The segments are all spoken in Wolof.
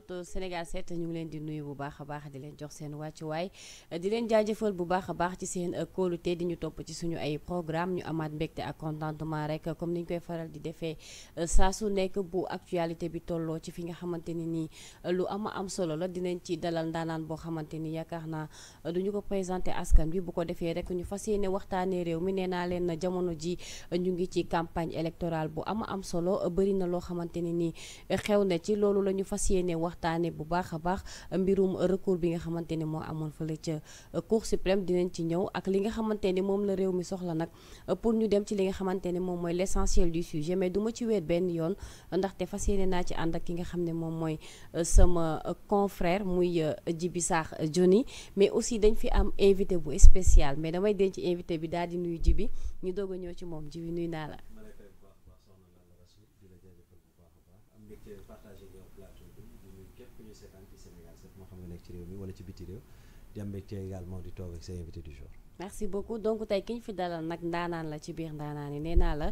internet Sénégal 7 ñu ngi leen di di leen jox seen wàccuwaay di leen jaajëfal bu baax a baax ci seen kóolute di ñu topp ci suñu ay programme ñu amaat mbégte ak rek comme ni ñu koy faral di defee euh, saa su nekk bu actualité bi tolloo ci fi nga xamante ni euh, lu ama am solo la dinañ ci dalal ndaanaan boo xamante ni yaakaar naa euh, duñu ko présenté askan bi bu ko defee rek ñu fas yéene waxtaanee réew mi nee naa leen jamono ji ñu ngi ci campagne électorale bu ama am solo bëri na loo xamante nii xew na ci loolu la fas yéene waxtaane bu baax a baax mbirum recours bi nga xamante ni moo amoon la ca euh, cour suprême dinañ ci ñëw ak li nga xamante ni moom la réew mi soxla nag euh, pour ñu dem ci li nga xamante ni moom mooy l'essentiel du sujet mais duma ci weet benn yoon ndaxte fas yéene naa ci ànd ak ki nga xam ne moom mooy euh, sama confrère muy Djibi Sakh Diony mais aussi dañ fi am invité bu spécial mais damay denc invité bi daal di nuyu Djibi ñu doog ñëw ci moom Djibi nuyu naa la ci réew di am mbégte également di toog ak sa invité du jour. merci beaucoup donc tey ki ñu fi dalal nag ndaanaan la ci biir ndaanaan yi nee naa la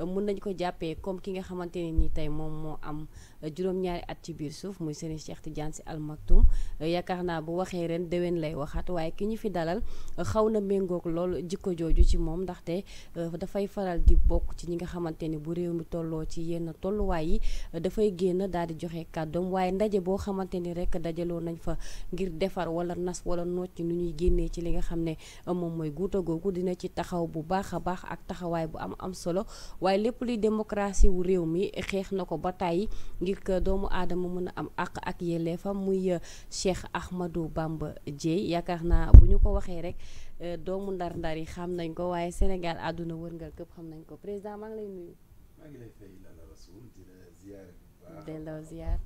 euh, mën nañ ko jàppee comme ki nga xamante ne nii tey moom moo am. juróom-ñaari at ci biir suuf muy Serigne Cheikh Tidiane Sy Al Maktoum yaakaar naa bu waxee ren déwén lay waxaat waaye ki ñu fi dalal xaw na méngoog lool jikko jooju ci moom ndaxte euh, dafay faral di bokk ci ñi nga xamante ni bu réew mi tolloo ci yenn tolluwaay yi dafay génn daal di joxe kàddoom waaye ndaje boo xamante ni rek dajaloo nañ fa ngir defar wala nas wala nocc nu ñuy génnee ci li nga xam ne moom mooy guuta googu dina ci taxaw bu baax a baax ak taxawaay bu am am solo waaye lépp luy démocratie wu réew mi xeex na ko ba tàyyi ngir doomu aadama mën a am àq ak fa muy euh, Cheikh Ahmadou Bamba Dieye yaakaar naa bu ñu ko waxee rek euh, doomu ndar-ndar yi xam nañ ko waaye Sénégal àdduna wërngal këpp xam nañ ko président maa ngi nuyu. la ziar delloo ziar.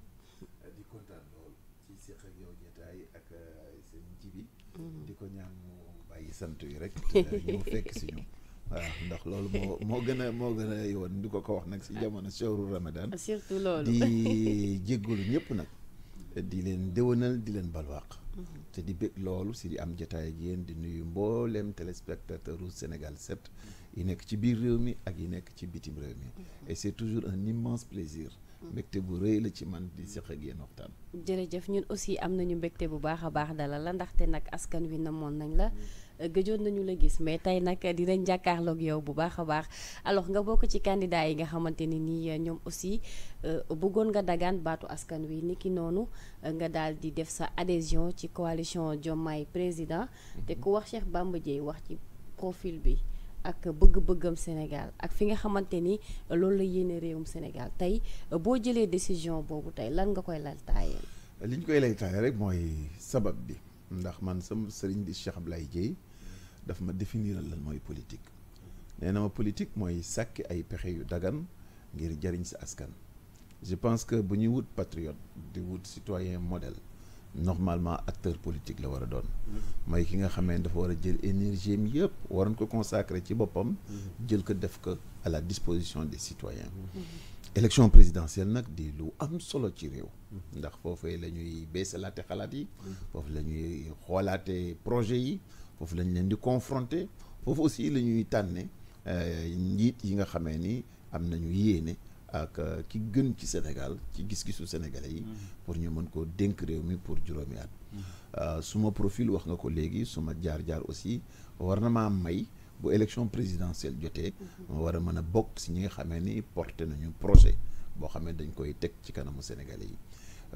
Euh, waaw ndax loolu moo moo gën a moo gën a yoon di ko ko wax nag si jamono sooru Ramadan. surtout loolu di jéggulu ñëpp nag. di leen déwénal di leen balwaaq mhm. te di bëgg loolu si di am jotaay ak yéen di nuyu mbooleem téléspectateur u Sénégal 7 mhm. yi nekk ci biir réew mi ak yi nekk ci bitim réew mi mhm. et c'est toujours un immense plaisir mbégte bu rëy la ci man di seq ak yéen waxtaan jërëjëf ñun aussi am nañu mbégte bu baax a baax dalal la ndaxte nag askan wi namoon nañ la gëjoon nañu la gis mais tey nag dinañ jàkkaarloog yow bu baax a baax alors nga bokk ci candidat yi nga xamante ni nii euh, ñoom aussi euh, bëggoon nga dagan baatu askan wi niki noonu euh, nga daal di def sa adhésion ci coalition Diomaye président mhm. te ku wax Cheikh Bamba Dièye wax ci profil bi ak bëgg-bëggam Sénégal ak fi nga xamante ni loolu la yéene réewum Sénégal tey boo jëlee décision boobu tey lan nga koy lal taayee. li koy lay taayee rek mooy sabab bi ndax man sama sëriñ di daf ma définiral lan mooy politique nee na politique mooy sàkki ay pexe yu dagan ngir jariñ si askan je pense que bu ñuy wut patriote di wut citoyen modèle normalement acteur politique la war a doon mooy ki nga xam xamee dafa war a jël énergie mi yëpp waroon ko consacrer ci boppam jël ko def ko à la disposition des citoyens élection présidentielle nag di lu am solo ci réew ndax foofu la ñuy beesalaate xalaat yi foofu la ñuy xoolaate projet yi foofu lañ leen di confronter foofu aussi la ñuy tànne euh, njiit yi nga xamee ni am nañu yéene ak euh, ki gën ci Sénégal ci gis-gisu sénégalais yi. Mm-hmm. pour ñu mën koo dénk réew mi pour juróomi at. Mm-hmm. Euh, suma profil wax nga ko léegi suma jaar-jaar aussi war na maa may bu élection présidentielle jotee. moo mm-hmm. war a mën a bokk si ñi nga xamee ni porté nañu projet boo xamee dañ koy teg ci kanamu sénégalais yi.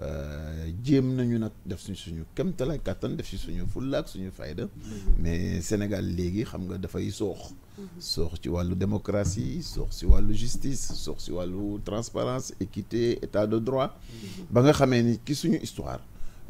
Euh, jéem nañu nag def suñ suñu kemtalaay kàttan def si suñu fulla suñu fayda mais Sénégal léegi xam nga dafay soox soox ci wàllu démocratie soox si wàllu justice soox si wàllu transparence équité état de droit ba nga xamee ni ki suñu histoire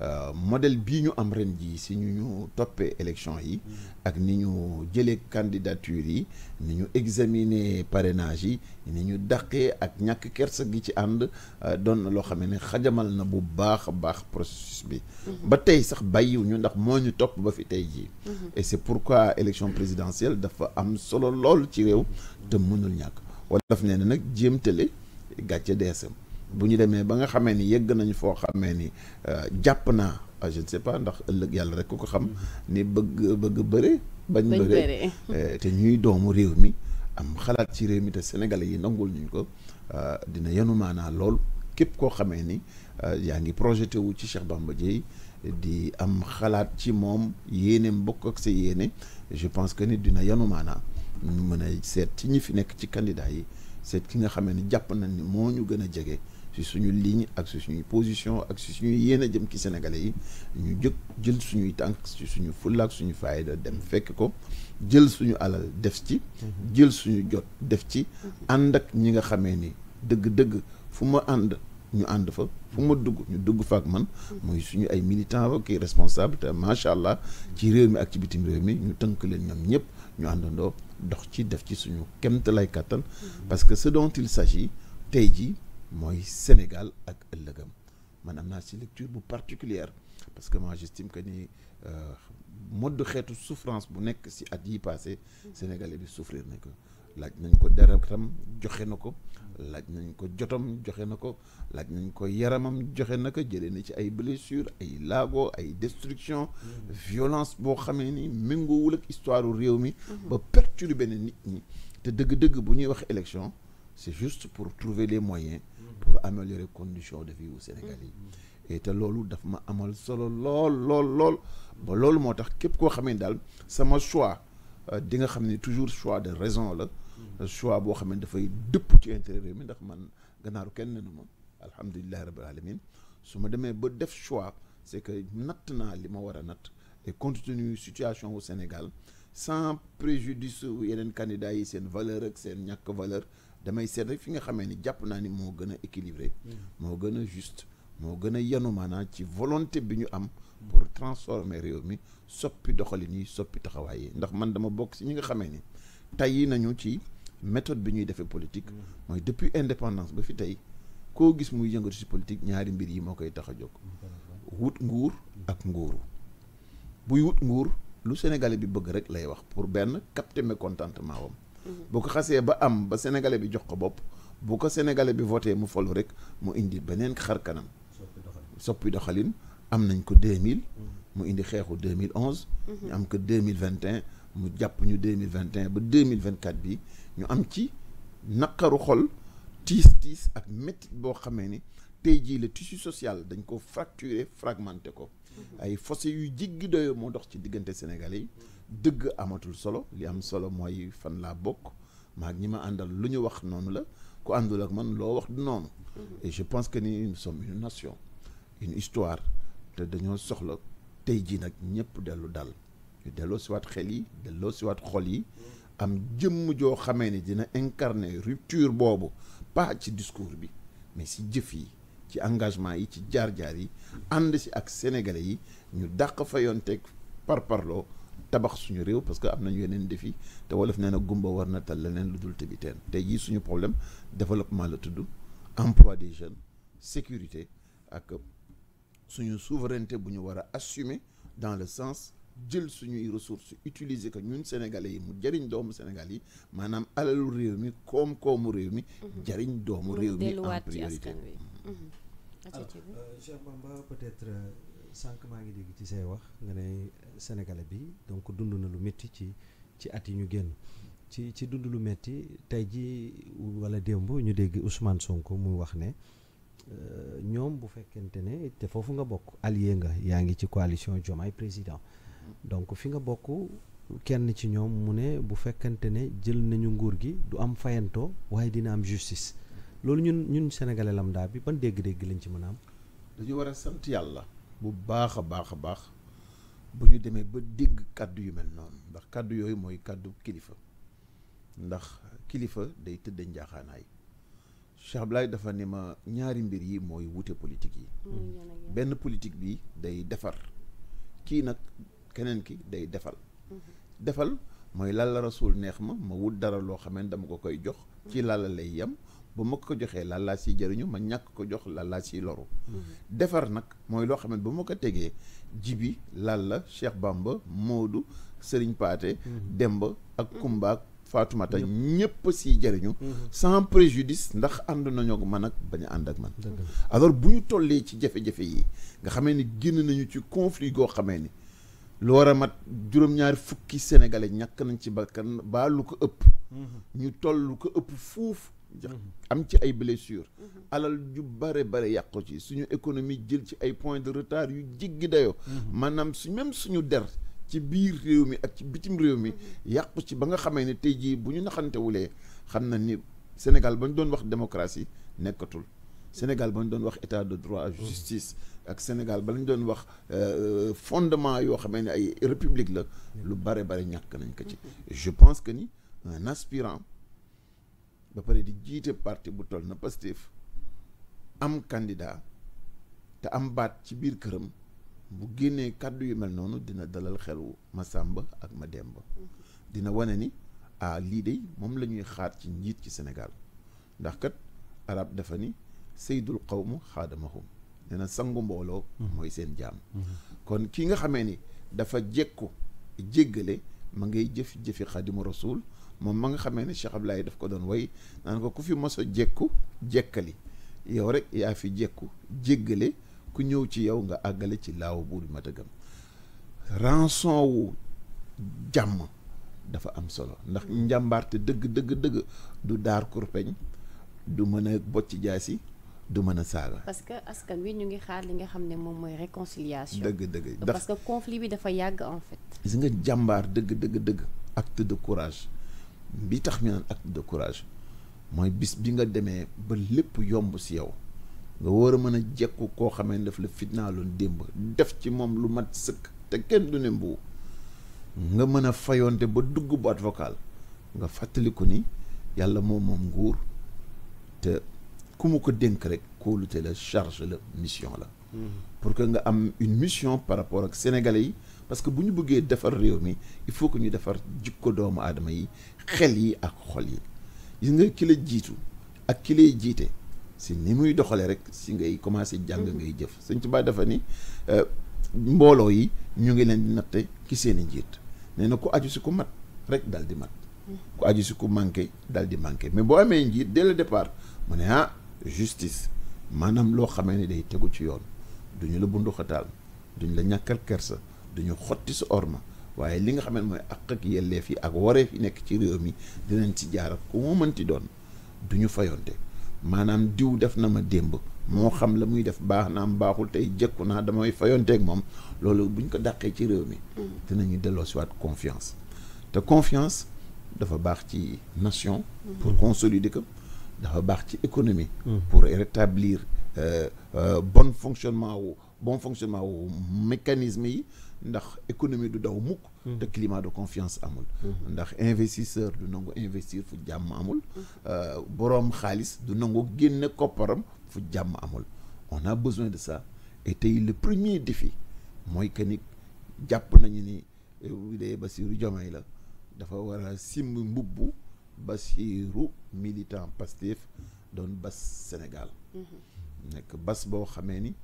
Euh, modèle bii ñu am ren jii si ñu ñu toppee élection yi ak ni ñu jëlee candidature yi ni ñu examiner parrainage yi ni ñu dàqee ak ñàkk kersa gi ci ànd euh, doon na loo xam ne xajamal na bu baax a baax processus bi mhm. ba tey sax bàyyiw ñu ndax moo ñu topp ba fi tey jii mhm. et c'est pourquoi élection présidentielle dafa am solo lool ci réew te mënul ñàkk wala daf nee na nag jéemtale gàcce deesam bu ñu demee ba nga xamee ni yegg nañu foo xamee ni euh, jàpp naa ah, je ne sais pas ndax ëllëg yàlla rek ko ko xam ni bëgg bëgg bëre bañ bëre euh, te ñuy doomu réew mi am xalaat ci réew mi te sénégalais yi nangul ñu ko euh, dina yenu maanaa lool képp koo xamee ni yaa ngi projeté wu ci Cheikh Bamba Dièye di am xalaat ci moom yéeneem bokk ak sa yéene je pense que ni dina yanu maanaa ñu mën a seet ci ñu fi nekk ci candidat yi seet ki nga xamee ni jàpp nañ moo ñu gën a jege si suñu ligne ak si suñuy position ak si suñuy yéen a jëm ci sénégalais yi ñu jëkk jël suñuy tànk si suñu fulla ak suñu faayda dem fekk ko jël suñu alal def ci mhm. jël suñu jot def ci mhm. ànd ak ñi nga xamee ni dëgg-dëgg fu ma ànd ñu ànd fa fu ma dugg ñu dugg fa ak man mooy mhm. suñu ay militant ak kii responsable te macha allah ci réew mi ak ci bitim réew mi ñu tënk leen ñoom ñëpp ñu àndandoo dox ci def ci suñu kemtalaay kàttan parce que ce dont il s'agit tey jii mooy Sénégal ak ëllëgam man am naa si lecture bu particulière parce que moi j'estime que ni euh, mode xeetu souffrance bu nekk ci at yi passé sénégalais bi souffrir nañ ko laaj nañ ko deretam joxe na ko laaj nañ ko jotam joxe na ko laaj nañ ko yaramam joxe na ko jëlee na ci ay blessures ay laago ay destruction violence boo xamee ni méngoowul ak histoire réew mi ba perturber benn nit ñi te dëgg-dëgg bu ñuy wax élection c'est juste pour trouver les moyens pour améliorer condition de vie au Sénégal yi te loolu dafa ma amal solo lool lool lool ba loolu moo tax képp koo xam ne daal sama choix euh, di nga xam ne toujours choix de raison la choix boo xam ne dafay dëpp ci intérêt réew mi ndax man ganaaru kenn nenu ma alhamdulilahi rabbil alamin su ma demee ba def choix c'est que natt naa li ma war a natt et compte tenu situation au Sénégal sans préjudice yeneen candidats yi seen valeur ak seen ñàkk valeur damay seet rek fi nga xamee ni jàpp naa ni moo gën a équilibré mm. moo gën a juste moo gën a yanu ci volonté bi ñu am pour transformer réew mi soppi doxalin yi soppi taxawaay yi ndax man dama bokk si ñi nga xamee ni tey nañu ci méthode bi ñuy defee politique mm. mooy depuis indépendance ba fi tey koo gis muy yëngatu si politique ñaari mbir yi moo koy tax a jóg wut nguur ak nguuru buy wut nguur lu Sénégalais bi bëgg rek lay wax pour benn capter mécontentement wam boo ko xasee ba am ba sénégalais bi jox ko bopp boo ko sénégalais bi voté mu folu rek mu indi beneen xar kanam soppi doxalin am nañ ko mille mm-hmm. mu indi xeexu mille 2011 mm-hmm. ñu am ko 2021 mu jàpp ñu 2021 ba 2024 bi ñu am ci naqaru xol tiis tiis ak métti boo xamee ni tey jii le tissu social dañ ko fracturé fragmenté ko mm-hmm. ay fossé yu jiggi doyo moo dox ci diggante sénégalais yi dëgg amatul solo li am solo mooy fan laa bokk maag ñi ma àndal lu ñu wax noonu la ku àndul ak man loo wax du noonu et je pense que ni nous sommes une nation une histoire te dañoo soxla tey jii nag ñëpp dellu dal ñu delloo siwaat xel yi delloo siwaat xol yi am jëmm joo xamee ni dina incarner rupture boobu pas ci discours bi mais si jëf yi ci engagement yi ci jaar-jaar yi ànd si ak sénégalais yi ñu dàq fa yoon par parparloo tabax suñu réew parce que am nañu yeneen défi te wolof nee na gumba war na tal leneen lu dul tëbi te tey jii suñu problème développement la tudd emploi des jeunes sécurité ak suñu souveraineté bu ñu war a assumer dans le sens jël suñuy ressources utiliser ko ñun sénégalais yi mu jëriñ doomu Sénégal yi maanaam alalu réew mi koom-koomu réew mi. Mhm. jëriñ doomu réew mi en priorité. sànq maa ngi dégg ci say wax nga ne sénégalais bi donc dund na lu métti ci ci at yi ñu génn ci ci dund lu métti tey ji wala démb ñu dégg Ousmane Sonko muy wax ne euh, ñoom bu fekkente ne te foofu nga bokk allié nga yaa ngi ci coalition Diomaye président donc fi nga bokk kenn ci ñoom mu ne bu fekkente ne jël nañu nguur gi du am fayantoo waaye dina am justice loolu ñun ñun sénégalais lambda bi ban dégg-dégg lañ ci mën a am. dañu war sant yàlla. bu baax a baax a baax bu ñu demee ba dégg kàddu yu mel noonu ndax kàddu yooyu mooy kàddu kilifa ndax kilifa day tëdd njaaxaanaay Cheikh Ablaye dafa ne ma ñaari mbir yi mooy wute politique yi benn politique bi day defar kii nag keneen ki day defal mhm. defal mooy lalla rasul neex ma ma wut dara loo xamee dama ko koy jox ci lalla lay yem ba ma ko joxee lan laa siy jëriñu ma ñàkk ko jox lan laa siy loru. Mm-hmm. defar nag mooy loo xam ne ba ma ko tegee jibi Lalla Cheikh Bamba Moodu Serigne Paate. Mm-hmm. Demba ak Kumba ak Faatumata ñëpp siy jëriñu. Mm-hmm. sans préjudice ndax ànd nañoo man ak ba a ànd ak man. alors bu ñu tollee ci jafe-jafe yi nga xamee ni génn nañu ci conflit goo xame ni. lu war a mat juróom-ñaari fukki sénégalais ñàkk nañ ci bakkan baa lu ko ëpp. ñu toll ko ëpp fuuf Mhm. am ci ay blessures. Mhm. alal ju bare bare yàqu ci suñu économie jël ci ay point de retard yu jiggi dayoo. Mhm. maanaam su même suñu der ci biir réew mi ak ci bitim réew mi yàqu ci ba nga xamee ne tey jii bu ñu naxantewulee xam na ni Sénégal ba ñu doon wax démocratie nekkatul. Sénégal ba ñu doon wax état de droit justice ak Sénégal ba ñu doon wax euh, fondement yoo xamee ne ay république la lu bare bare ñàkk nañ ko ci. Je pense que ni un aspirant. ba pare di jiite parti bu toll na Pastef am kàndidaa te am baat ci biir këram bu génnee kàddu yu mel noonu dina dalal xelu ma Masamba ak ma Mademba dina wane ni aa lii de moom la ñuy xaar ci njiit ci Sénégal ndax kat arab dafa ni saydul qawmu xaadamahum nee na sangu mbooloo mooy seen jaam kon ki nga xamee ni dafa jekku jéggale ma ngay jëf jëfi xadimu rasul moom ma nga xamee ne Cheikh Ablaye daf ko doon way naan ko ku fi mos jekku jekkali yow rek yaa fi jekku jéggale ku ñëw ci yow nga àggale ci laaw buur bi ma tëggam rançon wu jàmm dafa am solo ndax njàmbaarte te dëgg dëgg du daar kurpeñ du mën a bocc si du mën a saaga. parce que askan wi ñu ngi xaar li nga xam ne moom mooy réconciliation. dëgg dëgg parce que conflit bi dafa yàgg en fait. gis nga jàmbaar dëgg dëgg dëgg acte courage. bi tax ñu naan acte de courage mooy bis bi nga demee ba lépp yomb si yow nga war a mën a jekku koo xamee ne daf la fitnaaloon démb def ci moom lu mat sëkk te kenn du ne mbuu nga mën a fayonte ba dugg bu avocat nga fàttaliku ni yàlla moom moom nguur te ku mu ko dénk rek kóolute la charge la mission la mm-hmm. pour que nga am une mission par rapport ak sénégalais yi parce que bu ñu bëggee defar réew mi il faut que ñu defar jikko doomu aadama yi xel yi ak xol yi gis nga ki la jiitu ak ki lay jiite si ni muy doxalee rek si ngay commencé jàng ngay jëf Sëñ Tuubaa dafa ni euh, mbooloo yi ñu ngi leen di natte ki seen i njiit nee na ku aju si ku mat rek dal di mat ku aju si ku manqué dal di manqué mais boo amee njiit dès le départ mu ne ah justice maanaam loo xamee ne day tegu ci yoon duñu la bunduxataal duñ la ñàkkal kersa dañu xotti sa orma waaye li nga xam mooy àq ak yelleef yi ak wareef yi nekk ci réew mi dinañ ci jaar ak ku mu mënti doon du ñu fayonte maanaam diw def na ma démb moo xam la muy def baax naa mu baaxul tey jëkku naa damay fayonteeg moom loolu buñ ko dàqee ci réew mi dinañu delloo waat confiance te confiance dafa baax ci nation pour consolider ko dafa baax ci économie pour rétablir euh, euh, bon fonctionnement wu bon fonctionnement wu mécanisme yi ndax économie du daw mukk mm-hmm. te climat de confiance amul mm-hmm. ndax investisseur du nangu investir fu jàmm amul euh, borom xaalis du nangu génne kopparam fu jàmm amul on a besoin de ça et tey le premier défi mooy que ni jàpp nañu ni euh, bu jomay la dafa war a simb mbubbu Bassirou militant Pastef doon bas Sénégal mm-hmm. nekk bas boo xamee ni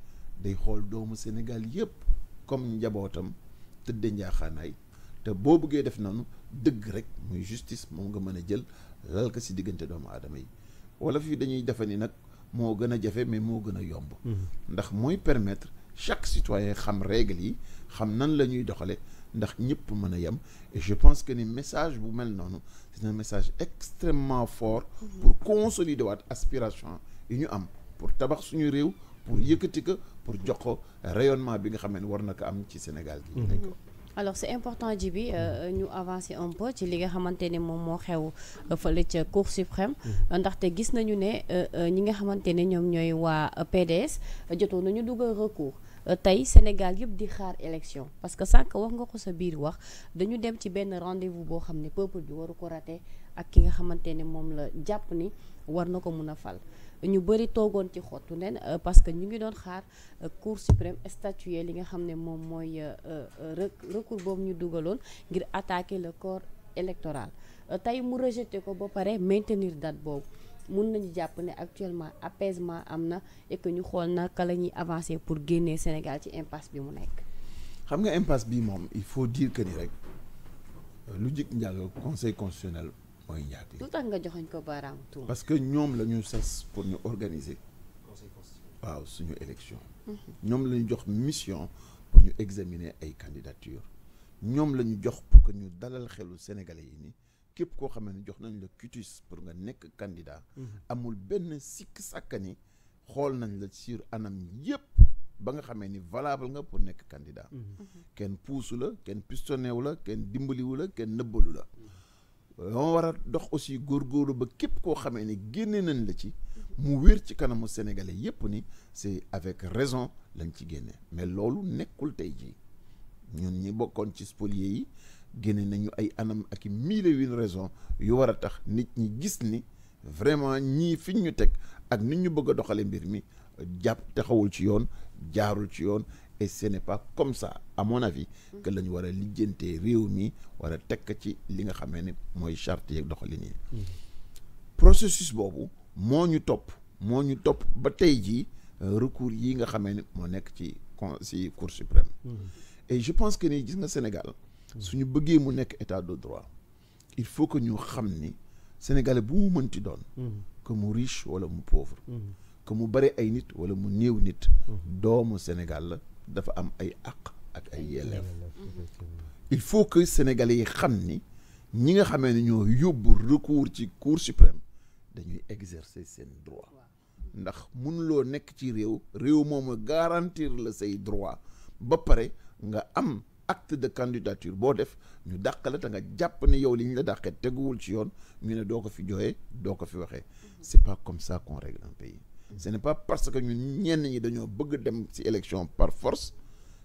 day xool doomu Sénégal yépp comme njabootam tëdde njaaxaanaay te boo bëggee def noonu dëgg rek muy justice moom nga mën a jël lal ko si diggante doomu aadama yi wala fii dañuy defe ni nag moo gën a jafe mais moo gën a yomb mhm. ndax mooy permettre chaque citoyen xam règle yi xam nan la ñuy doxale ndax ñëpp mën a yem et je pense que ni message bu mel noonu c'est un message extrêmement fort mhm. pour consolider waat aspiration yi ñu am pour tabax suñu réew pour yëkkati ko pour jox ko rayonnement bi nga xam ne war na ko am ci Sénégal gi nekk mhm. alors c'est important ji bi euh, ñu avancer un peu ci li nga xamante ne moom moo xew fële ca cour suprême mhm. ndaxte gis nañu ne euh, euh, ñi nga xamante ne ñoom ñooy waa PDS jotoon nañu dugal recours tey Sénégal yëpp di xaar élection parce que sànq wax nga ko sa biir wax dañu dem ci benn rendez boo xam ne peuple bi waru ko rate ak ki nga xamante ne moom la jàpp ni war na ko mun a fal ñu bëri toogoon ci xottu nen euh, parce que ñu ngi doon xaar euh, cour suprême statuer li nga xam ne moom mooy euh, recours boobu ñu dugaloon ngir attaquer le corps électoral tey mu rejeté ko ba pare maintenir date boobu mun nañu jàpp ne actuellement apaisement am na et que ñu xool naka la ñuy avancer pour génnee Sénégal ci impasse bi mu nekk. xam nga impasse bi moom il faut dire que ni rek lu jik njàll conseil constitutionnel. mooy njaati. lu tax nga joxoñ ko baaraam tuuma. parce que ñoom la ñu sas pour ñu organiser. waaw suñu élection. Mhm. ñoom la jox mission pour ñu examiner ay candidature ñoom lañu jox pour que ñu dalal xelu sénégale yi ni képp koo xam ne jox nañ la cutis pour nga nekk candidat. Mhm. amul benn sikk sàkkani xool nañ la sur anam yépp ba nga xamee ni valable nga pour nekk candidat. Mhm. kenn puusu la kenn pistonné wu la kenn dimbaliwu la kenn nëbbalu la. dama war a dox aussi góorgóorlu ba képp koo xamee ni génne nañ la ci mu wér ci kanamu sénégalais yépp ni c'est avec raison lañ ci génne mais loolu nekkul tey ci ñun ñi bokkoon ci spolié yi génne nañu ay anam ak i mille et une yu war a tax nit ñi gis ni vraiment ñii fiñ ñu teg ak nit ñu bëgg a doxale mbir mi jàpp taxawul ci yoon jaarul ci yoon et ce n'est pas comme ça à mon avis que la ñu war a lijjantee réew mi war a tekk ci li nga xamee ne mooy charte yeeg doxalin yi mm-hmm. processus boobu moo ñu topp moo ñu topp ba tey jii euh, recours yi nga xamee ne moo nekk ci con si mm-hmm. et je pense que ni gis nga Sénégal mm-hmm. suñu bëggee mu nekk état de droit il faut que ñu xam ni sénégalais bu mu mënti doon que mu riche walla mu pauvre que mu bare ay nit wala mu néew nit doomu Sénégal la dafa am ay àq ak ay yelleef il faut que sénégalais yi xam ni ñi nga xamee ne ñoo yóbbu recours ci cour suprême dañuy exercer seen droit ndax mënuloo nekk ci réew réew moom garantir la say droit ba pare nga am acte de candidature boo def ñu dàq la te nga jàpp ni yow li ñu la dàqee teguwul ci yoon ñu ne doo ko fi jooyee doo ko fi waxee mm-hmm. c'est pas comme ça qu'on règle un pays ce n'est pas parce que ñun ñenn ñi dañoo bëgg dem ci élection par force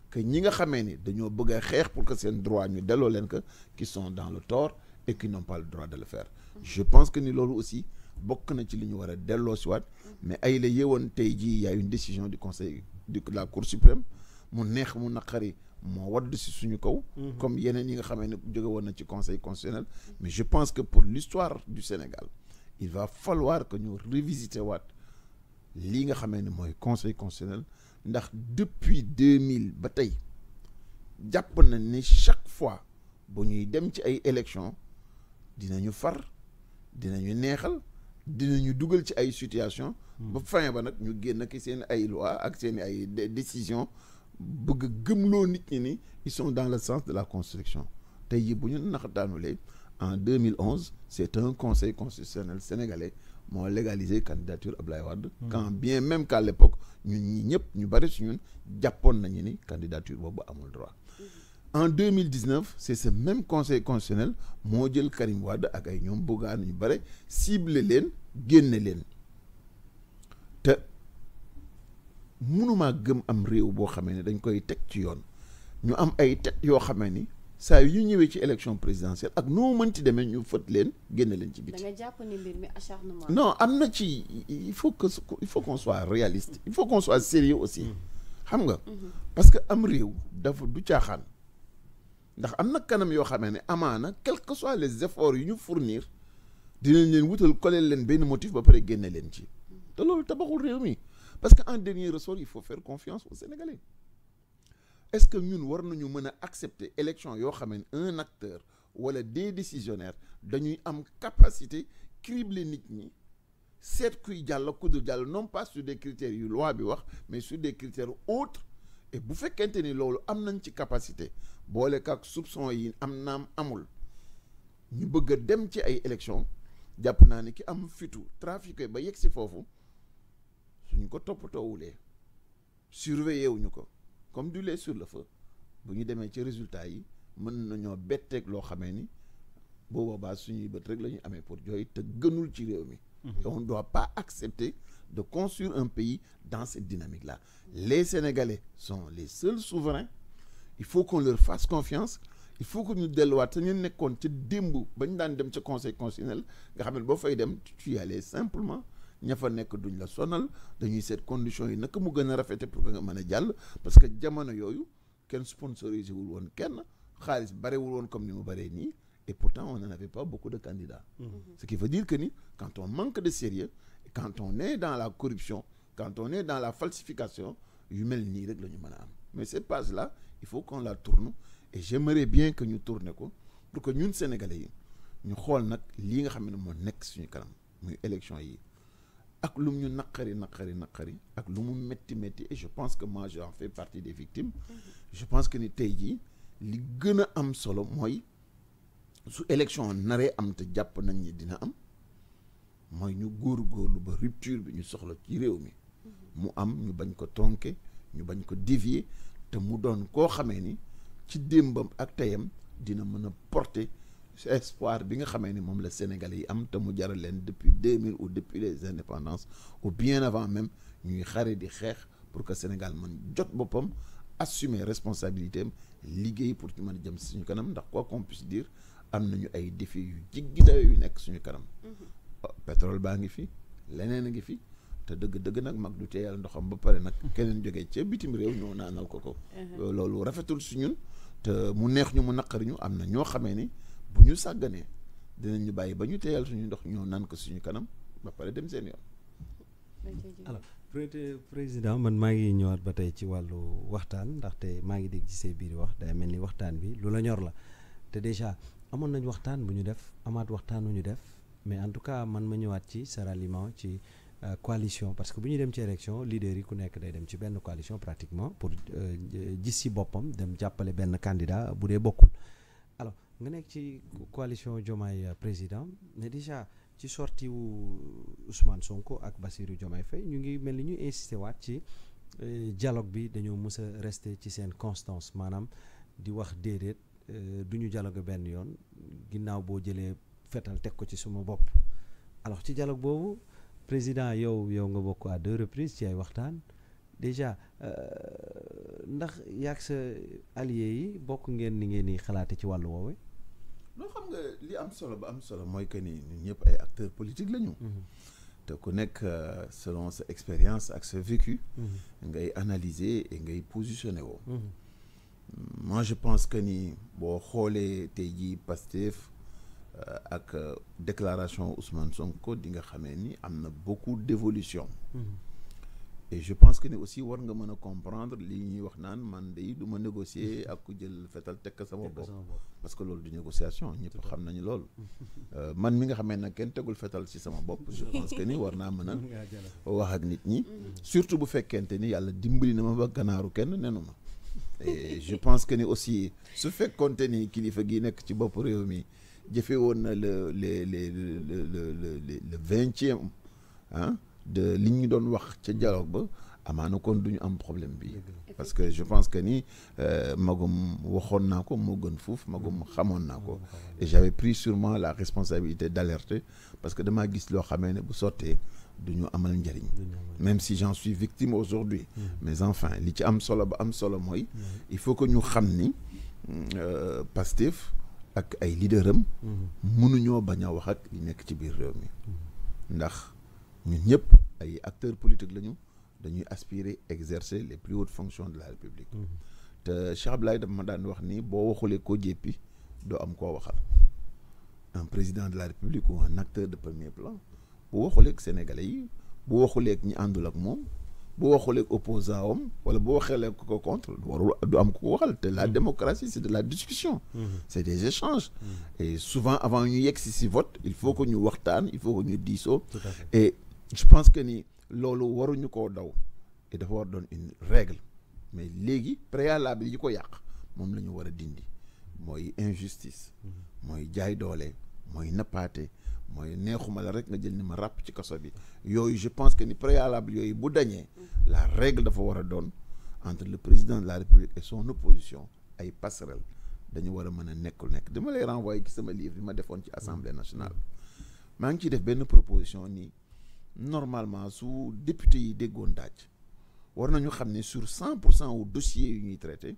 que ñi nga xamee ni dañoo bëgg a xeex pour que seen droit ñu delloo leen que ki son dans le tort et qui n'ont pas le droit de le fair je pense que ni loolu aussi bokk na ci li ñu war a delloo siwaat mais ay la yeewoon tey jii y une décision du conseil de la cour suprême mu neex mu naqari moo wadd si suñu kaw mhm. comme yeneen yi nga xamee ne jóge woon na ci conseil constitutionnel mais je pense que pour l'histoire du Sénégal il va falloir ñu révisiter waat lii nga xamee ne mooy conseil constitutionnel ndax depuis deux mille ba tey jàpp na ni chaque fois bu ñuy dem ci ay élections dinañu far dinañu neexal dinañu dugal ci ay situation hmm. ba fin ba nag ñu génn ak seen ay loi ak seen ay décision bëgg gëm gëmloo nit ñi ni ils sont dans le sens de la construction tey yi bu ñu nax daanulee en 2011 c'est un conseil constitutionnel sénégalais moo légalisé candidature Ablaye Wade. Hmm. quand bien même qu'à l'époque ñu ñëpp ñu bari su ñun jàppoon nañu ni candidature boobu amul droit. Hmm. en 2019 c'est ce même conseil constitutionnel moo jël Karim wàdd ak ay ñoom bëggaan ñu bare ciblé leen génne leen te mënumaa gëm am réew boo xamee ne dañ koy teg ci yoon ñu am ay teg yoo xamee ni saa yu ñu ñëwee ci élection présidentielle ak noo mënti demee ñu fët leen génne leen ci biti. da nga jàpp ne mbir mi acharnement. non am na ci il faut que il faut qu'on soit réaliste il faut qu'on soit sérieux aussi mm. xam nga. Mm-hmm. parce que am réew dafa du caaxaan ndax am na kanam yoo xamee ne amaana quel que soit les efforts yu ñu fournir dinañ leen wutal koleel leen benn motif ba pare génne leen ci mm-hmm. te loolu tabaxul réew mi parce que en dernier ressort il faut faire confiance au Sénégalais. est-ce que ñun war nañu mën a accepter élection yoo xam ne un acteur wala des décisionnaires dañuy am capacité cribler nit ñi seet kuy jàll ku dul jàll non pas sur des critères yu loi bi wax mais sur des critères autres bu fekkente ni loolu am nañ ci capacité boole ak soupçon yi am naam amul ñu bëgg dem ci ay élection jàpp naa ni ki am fitu trafiqué ba yegg si foofu suñ ko toppatoowulee surveiller wuñu ko comme du lait sur le feu bu ñu demee ci résultat yi mën nañoo betteeg loo xamee ni boo boobaa suñuy bët rek la ñu amee pour jooy te gënul ci réew mi. et mhm. on ne doit pas accepter de construire un pays dans cette dynamique-là. Les Sénégalais son les seuls souverains. Il faut qu'on leur fasse confiance. Il faut que nous déloions. Nous ne comptons pas de Conseil constitutionnel. Tu y allais simplement. ña fa nekk duñ la sonal dañuy seet conditions yi naka mu gën a rafete pour que nga mën a jàll parce que jamono yooyu kenn sponsorisé wul woon kenn xaalis barewul woon comme ni mu bare nii et pourtant on n'en avait pas beaucoup de candidats mm ce qui veut dire que ni quand on manque de sérieux quand on est dans la corruption quand on est dans la falsification yu mel nii rek la ñu mën a am mais cette page la il faut qu'on la tourne et j'aimerais bien que ñu tourne ko pour que ñun sénégalais yi ñu xool nag lii nga xam ne moo nekk suñu kanam muy élection yi ak lu ñu naqari naqari naqari ak lu mu métti métti et je pense que moi j'en fais partie des victimes je pense que ni tey jii li gën a am solo mooy su élection naree am te jàpp nañ ni dina am mooy ñu góor góorgóorlu ba rupture bi ñu soxla ci réew mi mu am ñu bañ ko tronquer ñu bañ ko dévier te mu doon koo xamee ni ci démbam ak teyam dina mën a porter espoir bi nga xamee ni moom la Sénégalais yi am te mu jaral leen depuis 2000 ou depuis les indépendances ou bien avant même ñuy xare di xeex pour que Sénégal mën jot boppam assumer responsabilité am liggéey pour ci mën a jëm suñu kanam ndax quoi qu'on puisse dire am nañu ay défis yu jiggi dayo yu nekk suñu kanam. Mhm. Oh, pétrole baa ngi fi leneen a ngi fi. te dëgg-dëgg nag mag du teeyal ndoxam ba pare nag keneen jógee ca bitim réew ñoo naanal ko ko. Mhm. loolu rafetul si ñun te mu neex ñu mu naqari ñu am na ñoo xamee ni bu ñu sàgganee dinañu bàyyi ba ñu teeyal suñu ndox ñoo naan ko suñu kanam ba pare dem seen yoon. alors président man maa ngi ñëwaat ba tey ci wàllu waxtaan ndaxte maa ngi dégg ci see biir wax day mel ni waxtaan bi lu la ñor la te déjà amoon nañ waxtaan bu ñu def amaat waxtaan bu ñu def mais en tout cas man ma ñëwaat ci sa ralliement ci. Euh, coalition parce que bu ñu dem ci élection leader yi ku nekk day dem ci benn coalition pratiquement pour euh, gis ci boppam dem jàppale benn candidat bu dee bokkul alors nga nekk ci coalition Diomaye euh, président mais déjà ci sorti wu Ousmane sonk ak Bassirou Diomaye Faye ñu ngi mel ni ñu insisté waat ci euh, dialogue bi dañoo mës resté ci seen constance maanaam di wax déedéet euh, du ñu dialogue benn yoon ginnaaw boo jëlee fetal teg ko ci suma bopp alors ci dialogue boobu président yow yow nga bokk à deux reprises ci ay waxtaan déjà ndax yaag sa allié yi bokk ngeen ni ngeen di xalaate ci wàllu woowe non xam nga li am solo ba am solo mooy que ni ñun ñëpp ay acteur politiques lañu. Mm-hmm. te ku nekk euh, selon sa expérience ak sa vécu. Mm-hmm. ngay analyser et ngay positionné woo. Mm-hmm. moi je pense que nii boo xoolee tey jii Pastef euh, ak euh, déclaration Ousmane Sonko di nga xamee nii am na beaucoup d'évolution. je pense que ni aussi war nga mën a comprendre li ñuy wax naan man de du ma négocier ak ku jël fetal tekk sama bopp parce que loolu du négociation ñëpp xam nañu loolu euh, man mi nga xamee nag kenn tegul fetal ci sama bopp je pense que ni war naa mën a wax ak nit ñi mm-hmm. surtout bu fekkente ni yàlla dimbali na ma ba ganaaru kenn nenu ma je pense que ni aussi su fekkonte ni kilifa gi nekk ci bopp réew mi jëfe woon na le le le le le le vingtième ah li ñu doon wax ca dialogue ba amaana kon du ñu am problème bi parce que je pense que ni euh, magum waxoon naa ko moo gën fuuf magum xamoon naa ko et j'avais pris sûrement la responsabilité d'alerter parce que damaa gis loo xamee ne bu sottee du ñu amal njariñ même si j'en suis victime aujourd'hui mm. mais enfin li ci am solo ba am solo mooy mm. il faut que ñu xam ni euh, Pastef ak ay leaderam mm. mënuñoo bañ a wax ak li nekk ci biir réew mi ndax ñun ñëpp ay acteurs politiques lañu dañuy aspirer exercer les plus hautes fonctions de la république. Mm-hmm. te Cheikh Abdoulaye daf ma daan wax ni boo waxulee koo jéppi doo am koo waxal un président de la république ou un acteur de premier plan bu waxuleeg sénégalais yi bu waxuleeg ñi àndul ak moom bu waxuleeg opposant am wala bu waxeelee ko contre warul du am ko waxal te la mm-hmm. démocratie c'est de la discussion mm-hmm. c'est des échanges et souvent avant ñu yegg si si vote il faut ñu waxtaan il je pense que ni loolu waruñu koo daw et dafa war doon une règle mais léegi préalable yi ko yàq moom la ñu war a dindi mooy injustice mooy jaay doole mooy nappaate mooy neexuma la rek nga jël ni ma ràpp ci kaso bi yooyu je pense que ni préalable yooyu bu dañee la règle dafa war a doon entre le président de la république et son opposition ay passerelle dañu war a mën a nekkul nekk dama lay renvoyer ci sama livre bi ma defoon ci assemblée nationale maa ngi ciy def benn proposition nii normalement su député yi déggoon daaj war na ñu xam ne sur cent pour cent wu dossiers yu ñuy traité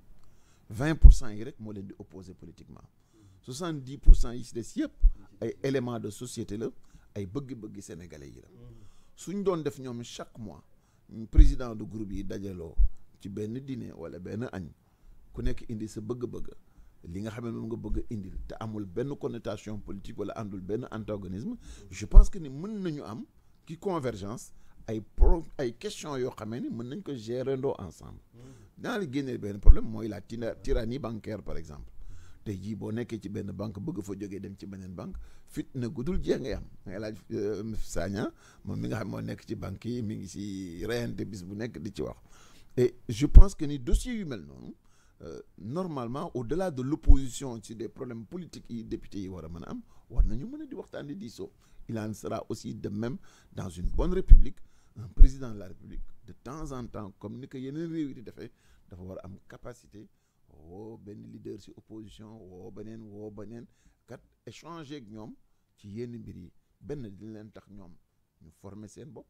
vingt pour cent yi rek moo leen di opposé politiquement soixante dix pour cent yi si des yëpp ay éléments de société la ay bëgg-bëgg sénégalais yi la suñ doon def ñoom chaque mois président du groupe yi dajaloo ci benn dîner wala benn añ ku nekk indi sa bëgg-bëgg li nga xam ne moom nga bëgg a indil te amul benn connotation politique wala àndul benn antagonisme je pense que ni mën nañu am ci convergence ay pro ay question yoo xamee ni mën nañ ko gérer ndoo ensemble mm. dana la génneel benn problème mooy la tyrannie bancaire par exemple te jii boo nekkee ci benn banque bëgg fa jógee dem ci beneen banque fit na dul jeex ngay am ngay laaj euh, Sagna moom mi nga xam moo nekk ci banque yi mi ngi si reyante bis bu nekk di ci wax et je pense que ni dossier yu mel noonu euh, normalement au-delà de l'opposition ci des problèmes politiques yi députés yi war mën a am war nañu mën a di waxtaan di diisoo Il en sera aussi de même dans une bonne république un président de la république de temps en temps comme ni ko yeneen réew yi di defee dafa war a am capacité woo benn leader ci opposition woo baneen woo beneen kat échanger ak ñoom ci yenn mbir yi benn dina leen tax ñoom ñu former seen bopp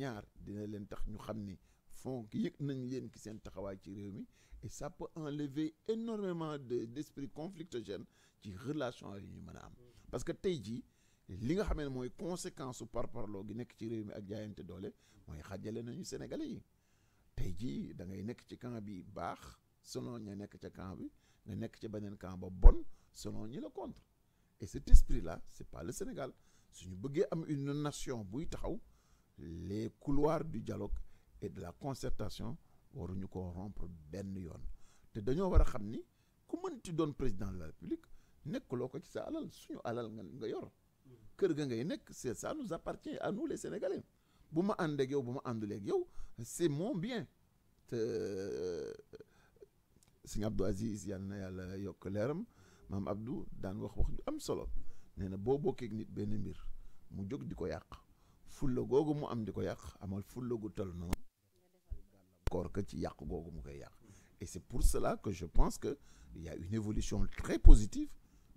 ñaar dina leen tax ñu xam ni fonk yëg nañ leen ki seen taxawaay ci réew mi et ça peut enlever énormément de d'esprit conflictogène ci relation yi ñu mën a am parce que tey jii li nga xamee ne mooy conséquence su parparloo gi nekk ci réew mi ak jaayante doole mooy xajale nañu sénégalais yi tey jii da ngay nekk ci camp bi baax selon ña nekk ci camp bi nga nekk ci beneen camp ba bon selon ñi la contre et cet esprit là c'est pas le Sénégal suñu bëggee am une nation buy taxaw les couloirs du dialogue et de la concertation waruñu ko rompre benn yoon te dañoo war a xam ni ku mënti doon président de la République nekkuloo ko ci sa alal suñu nga nga yor kër ga ngay nekk c'est ça nous appartient à nous les Sénégalais bu ma àndeek ak yow bu ma ànduleeg yow c'est mon bien te euh, sëñ Abdou Aziz yal na yàlla yokk leeram maam Abdou daan wax wax ju am solo nee na boo bokkeeg nit benn mbir mu jóg di ko yàq fulla googu mu am di ko yàq amal fulla gu tol noonu koor que ci yàq googu mu koy yàq et c'est pour cela que je pense que il y a une évolution très positive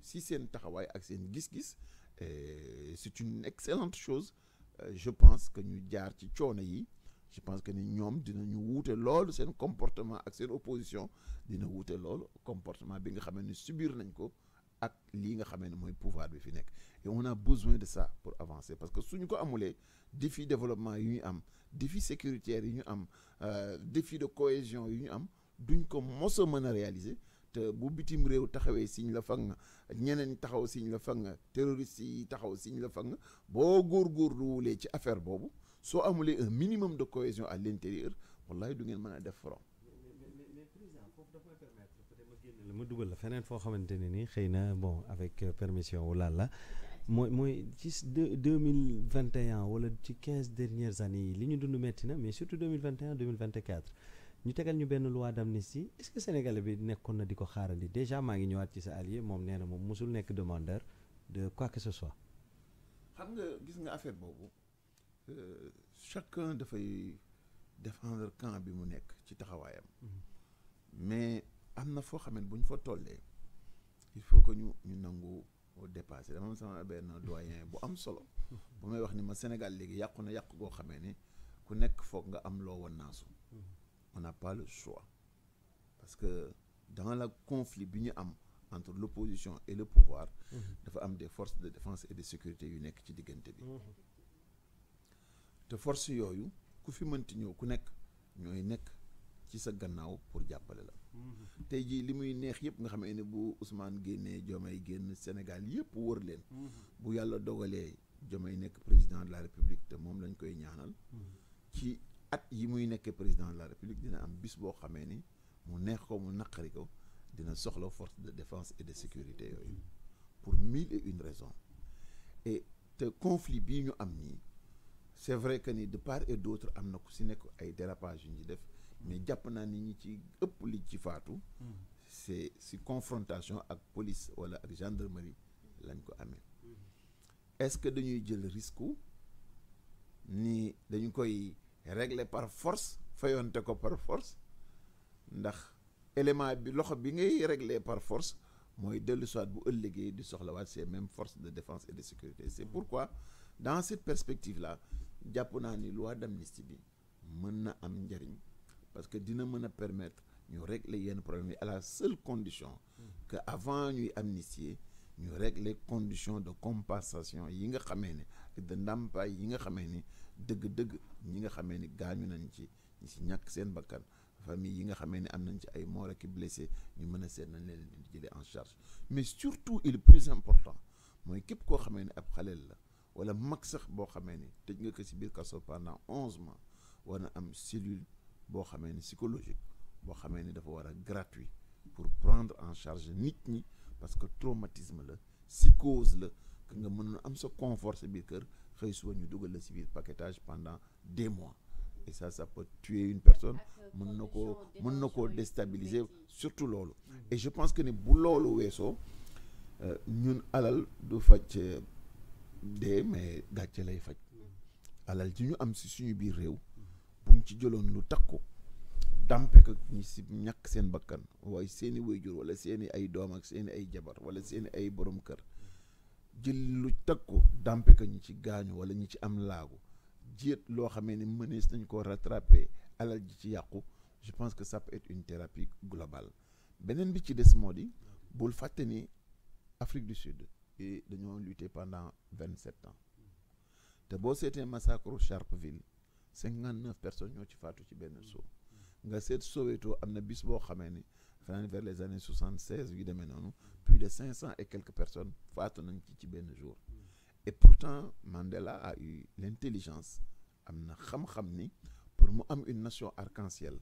si seen taxawaay ak seen gis-gis Euh, c'est une excellente chose euh, je pense que ñu jaar ci coono yi je pense que ni ñoom dinañu wuute lool seen comportement ak seen opposition dina wuute lool comportement bi nga xamee ne subir nañ ko ak lii nga xamee ne mooy pouvoir bi fi nekk et on a besoin de ça pour avancer parce que suñu ko amulee défi développement yu ñu am défi sécuritaire yu ñu am euh, défi de cohésion yu ñu am duñ ko mos a mën a réaliser te uh, bu bitim réew taxawee siñ la fag fang ñeneen taxaw siñ la fang terroriste yi taxaw siñ la fang boo góor góorgóorluwulee ci affaire boobu soo amulee un minimum de cohésion à l'intérieur wallahi du ngeen mën a def front. ma dugal la feneen foo xamante ne ni xëy na bon avec euh, permission wala la mooy mooy ci deux mille vingt et un wala ci quinze dernières années yi li ñu dund metti na mais surtout deux mille vingt et un deux mille vingt et quatre ñu tegal ñu benn loi d'amnistie est-ce que bi nekkoon na di ko xaarandi déjà maa ngi ñëwaat ci sa allié moom nee na moom mosul nekk demandeur de quoi que ce soit. xam nga gis nga affaire boobu euh, chacun dafay défendre camp bi mu nekk ci taxawaayam. Mm-hmm. mais am na foo xam ne bu fa tollee il faut que ñu ñu nangu dépasser dama sama benn doyen bu am solo. bu may wax ni ma Sénégal léegi yàqu na yàqu goo xamee ni ku nekk foog nga am loo wan on n'a pas parce que dans le conflit bi ñu am entre l'opposition et le pouvoir mhm. dafa am des forces de défense et de sécurité yu nekk ci diggante bi mhm. te force yooyu ku fi mënti ñëw ku nekk ñooy nekk ci sa gannaaw pour jàppale la mhm. tey jii li muy neex yëpp nga xamee ne bu Ousmane génnee Diomaye génn Sénégal yëpp wër leen bu yàlla dogalee Diomaye nekk président de la République te moom lañ koy ñaanal ci at yi muy nekkee président de la république dina am bis boo xamee ni mu neex ko mu naqari ko dina soxla force de défence et de sécurité yooyu pour mille et une raisons et te conflit bii ñu am nii c'est vrai que ni de part et d'autre am na ku si nekk ay dérapage yu ñuy def mais jàpp naa ni ñi ci ëpp li ci faatu c'est si confrontation ak police wala ak gendarmerie lañ ko amee est-ce que dañuy jël risque ni dañu koy régler par force fayonte ko par force ndax élément bi loxo bi ngay régle par force mooy dellu soit bu ëllëgee di soxlawaat ces même force de défense et de sécurité c'est pourquoi dans cette perspective là jàpp naa ni loi d'amnistie bi mën na am njariñ parce que dina mën a permettre ñu régler yenn problème yi à la seule condition que avant ñuy amnistier ñu régler condition de compensation yi nga xamee ne de ndàmpaay yi nga xamee ni dëgg-dëgg ñi nga xamee ni gaañu nañ ci ñi si ñàkk seen bakkan famille yi nga xamee ni am nañ ci ay morts ak blessé ñu mën a seen nañ leen di jëlee en charge mais surtout et le plus important mooy képp koo xamee ni ab xaleel la wala mag sax boo xamee ni tëj nga ko si biir kaso pendant onze mois war na am cellule boo xamee ni psychologique boo xamee ni dafa war a gratuit pour prendre en charge nit ñi parce que traumatisme la si psychose la que nga mën na am sa confort biir kër xëy suba ñu dugal la si biir paquetage pendant des mois et ça ça peut tuer une personne euh, mën na koo mën na koo déstabiliser surtout loolu mm. et je pense que ni bu loolu weesoo euh, ñun alal du faj euh, dee mais gàcce lay faj mm. alal ji ñu am si suñu biir réew buñ ci jëloon lu takku dàmpe ko ñi si ñàkk seen bakkan waaye seeni waajur wala seeni ay doom ak seeni ay jabar wala seeni ay borom kër jël lu takku dàmpe ko ñi ci gaañu wala ñi ci am laagu jéet loo xamee ne mënees nañ koo rattraper alal ji ci yàqu je pense que ça peut être une thérapie globale beneen bi ci des moo di bul fàtte ni Afrique du Sud et dañoo lutter pendant vingt sept ans te boo seetee massacre Sharpeville cinquante neuf personnes ñoo ci faatu ci benn soo nga seet Soweto am na bis boo xamee ni xanaa ni vers les années soixante seize yu demee noonu plus de cinq cent et quelques personnes faatu nañ ci benn jour et pourtant Mandela a eu l'intelligence am na xam ni pour mu am une nation arc-en-ciel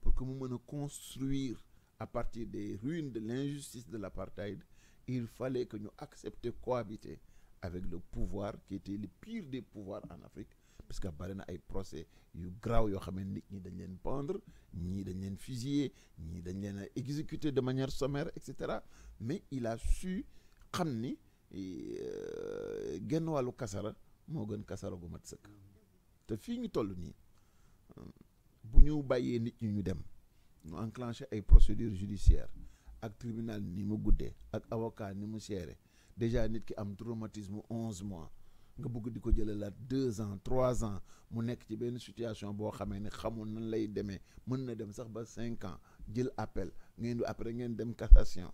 pour que mu mën a construire à partir des ruines de l'injustice de l'apartheid il fallait que ñu accepter cohabiter avec le pouvoir qui était le pire des pouvoirs en Afrique parce que bari na ay procès yu graaw yoo xam ne nit ñi dañ leen pendre ñii dañ leen fusiller ñii dañ leen a exécuter de manière sommaire et cetera mais il a su xam ni euh, genn wàllu kasara moo gën kasara gu mat sëkk te fii ñu toll nii bu ñu bàyyee nit ñi ñu dem ñu enclenché ay procédures judiciaires ak tribunal ni mu guddee ak avocat ni mu seere déjà nit ki am traumatisme onze mois nga bëgg di ko jëlalaat deux ans trois ans mu nekk ci benn situation boo xamee ne xamul nan lay demee mën na dem sax ba cinq ans jël appel ngeen di après ngeen dem cassation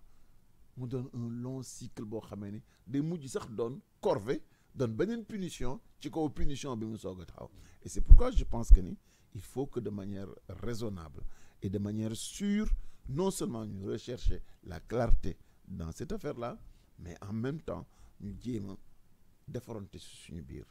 mu doon un long cycle boo xamee ni day mujj sax doon corvée doon beneen punition ci kaw punition bi mu soog a taxaw et c'est pourquoi je pense que ni il faut que de manière raisonnable et de manière sûre non seulement ñu rechercher la clarté dans cette affaire-là mais en même temps ñu jéem defarante si suñu biir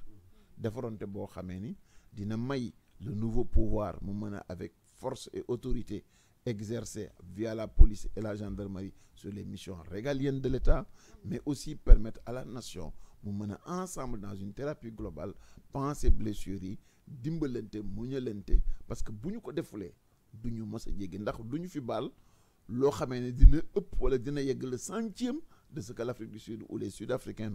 defarante boo xamee ni dina may le nouveau pouvoir mu mën a avec force et autorité exercer via la police et la gendarmerie sur les missions régaliennes de l'État mais aussi permettre à la nation mu mën a ensemble dans une thérapie globale penser blessures yi dimbalante muñalante parce que bu ñu ko defulee du ñu mës a jéggi ndax du ñu fi baal loo xamee ne dina ëpp wala dina yegg le centième de ce que l'Afrique du Sud ou les Sud-Africains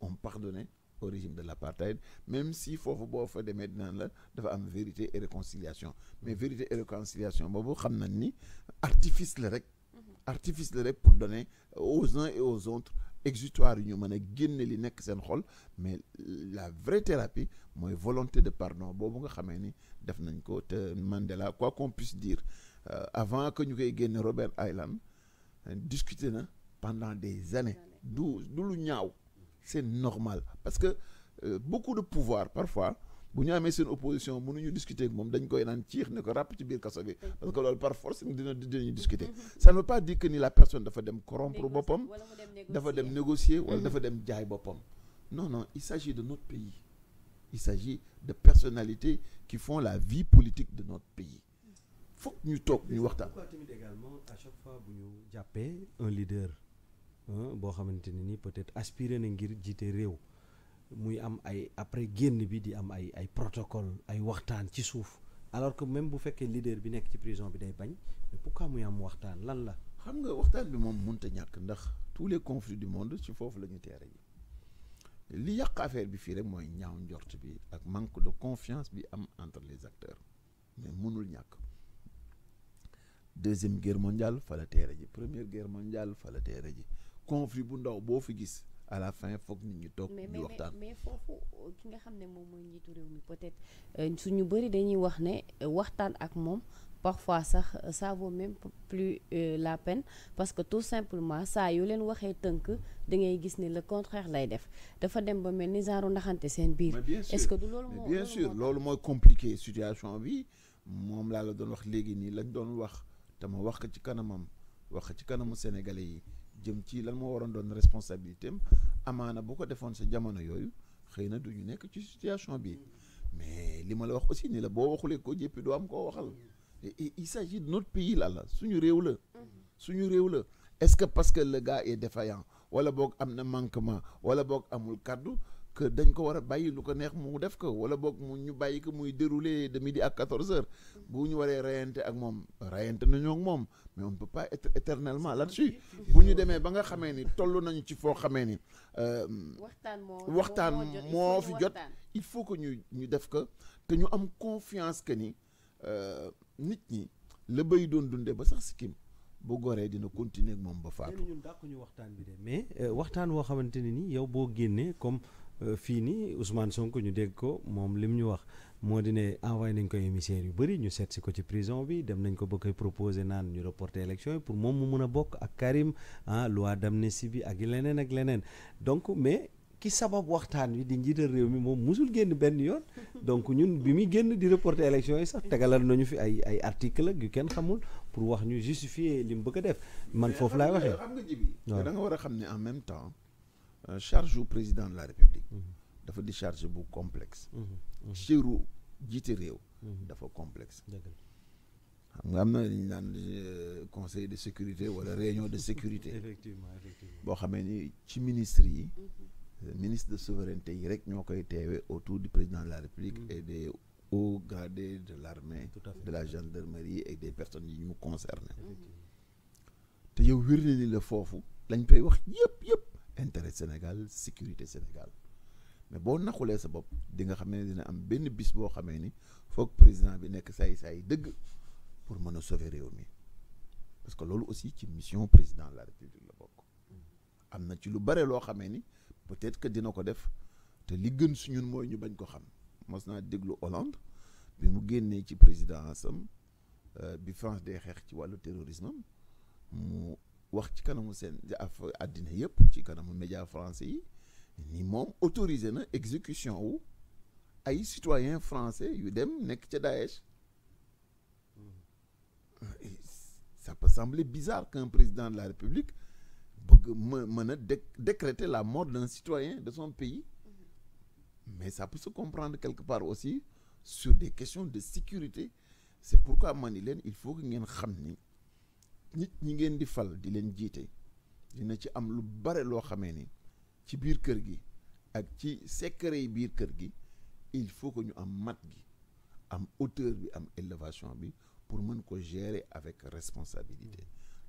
ont pardonné au régime de l'apartheid même si foofu boo fa demee dinaan la dafa am vérité et réconciliation mais vérité et réconciliation boobu xam nañ ni artifice la rek mhm. artifice la rek pour donner aux uns et aux autres exutoire ñu mën a génne li nekk seen xol mais la vraie thérapie mooy volonté de pardon boobu nga xamee ni def nañ ko te Mandela quoi qu'on puisse dire euh, avant que ñu koy génne Robben Island discuter na pendant des années du du lu ñaaw c'est normal parce que euh, beaucoup de pouvoir parfois bu ñu amee seen opposition mënuñu discuter ak moom dañ koy naan ciix ne ko ràpp ci biir kaso bi parce que loolu par force dina dinañu discuter ça ne veut pas dire que ni la personne dafa dem corrompre boppam dafa dem négocier wala mm-hmm. dafa dem jaay boppam non non il s'agit de notre pays il s'agit de personnalités qui font la vie politique de notre pays foog ñu toog ñu waxtaan. tamit également à chaque fois bu ñu jàppee un leader. boo xamante ne ni peut-être aspirer na ngir jiite réew muy am ay après génn bi di am ay ay protocole ay waxtaan ci suuf alors que même bu fekkee leader bi nekk ci prison bi day bañ mais pourquoi muy am waxtaan lan la. xam nga waxtaan bi moom mënta ñàkk ndax tous les conflits du monde ci foofu la ñu teere yi li yàq affaire bi fii rek mooy ñaaw njort bi ak manque de confiance bi am entre les acteurs mais mënul ñàkk deuxième guerre mondiale fa la teere ji première guerre mondiale ji conflit bu ndaw boo fi gis à la fin foog nit ñi toog di waxtaan mais foofu ki nga xam ne moom mooy njiitu réew mi peut euh, suñu bëri dañuy wax ne euh, waxtaan ak moom parfois sax euh, ça vaut même plus la pen parce que tout simplement saa yu leen waxee tënk dangay gis ni le contraire lay def dafa dem ba mel ni genre ndaxante seen biir est-ce que du loolu moo bien sûr loolu mooy compliqué situation bi moom laa la doon wax léegi nii lañ doon wax te ma wax ko ci kanamam wax ci kanamu sénégalais yi jëm ci lan moo waroon doon responsabilité amaana bu ko defoon sa jamono yooyu xëy na du ñu nekk ci situation bi mais li ma la wax aussi ni la boo waxulee ko jéppi doo am koo waxal il s'agit de notre pays là la suñu réew la suñu réew la est-ce que parce que le gars est défaillant wala boog am na manquement wala boog amul kaddu que dañ ko war a bàyyi lu ko neex mu def ko wala boog mu ñu bàyyi ko muy dérouler de midi à quatorze heures bu ñu waree rayante ak moom rayante nañoo ak moom mais on ne peut pas être éternellement là-dessus bu ñu demee ba nga xamee ni toll nañu ci foo xamee ni euh, waxtaan moo fi jot il faut que ñu ñu def ko te ñu am confiance que ni euh, nit ñi la bay doon dundee ba sax sikkim bu goree dina continuer ak moom ba faatu ñun waxtaan bi de mais euh, waxtaan woo xamante ne ni yow boo génnee comme Euh, fii nii Ousmane Sonko ñu dégg ko moom lim ñu wax moo di ne envoyé nañ ko émissaires yu bëri ñu seet si ko ci prison bi dem nañ ko bëgg koy proposé naan ñu reporter élection yi pour moom mu mun a bokk ak Karim ah ne si bi ak leneen ak leneen donc mais ki sabab waxtaan wi di njiital réew mi moom mosul génn benn yoon donc ñun bi muy génn di reporter élection yi sax tegalal nañu fi ay ay article ak yu kenn xamul pour wax ñu justifier li mu bëgg a def man foofu laay waxee. xam nga ji war a xam ne en même temps. Euh, charge wu président de la république. Mm-hmm. dafa di charge bu complexe. Mm-hmm. Mm-hmm. cëru jiite réew. dafa complexe. xam nga am na li ñu naan euh, conseil de sécurité wala réunion de sécurité. effectivement effectivement boo xamee ni ci ministre yi. Euh, ministre de souveraineté yi rek ñoo koy teewee autour du président de la république. et des hauts gradés de l' de la gendarmerie et des personnes yi ñu concerné. te yow wér na ni la foofu lañ koy wax yëpp yëpp. intérêt Sénégal sécurité Sénégal mais boo naxulee sa bopp di nga xam ne dina am benn bis boo xamee ni foog président bi nekk saay saay dëgg pour mën a sauver réew mi parce que loolu aussi ci mission président la république la bokk am na ci lu bare loo xamee ni peut-être que dina ko def te li gën su ñun mooy ñu bañ ko xam mos naa déglu Hollande bi mu génnee ci président am euh, bi France dee xeex ci wàllu terrorisme wax ci kanamu seen àddina yëpp ci kanamu média français yi ni moom autorisé na exécution wu ay citoyen français yu dem nekk ca Daesh ça peut sembler bizarre qu'un président de la République bëgg më mën a décréter la mort d'un citoyen de son pays mais ça peut se comprendre quelque part aussi sur des questions de sécurité c'est pourquoi man ni leen il faut que ngeen xam ni nit ñi ngeen di fal di leen jiite dina ci am lu bare loo xamee ni ci biir kër gi ak ci secret yi biir kër gi il faut que ñu am mat gi am hauteur bi am élévation bi pour mën ko gérer avec responsabilité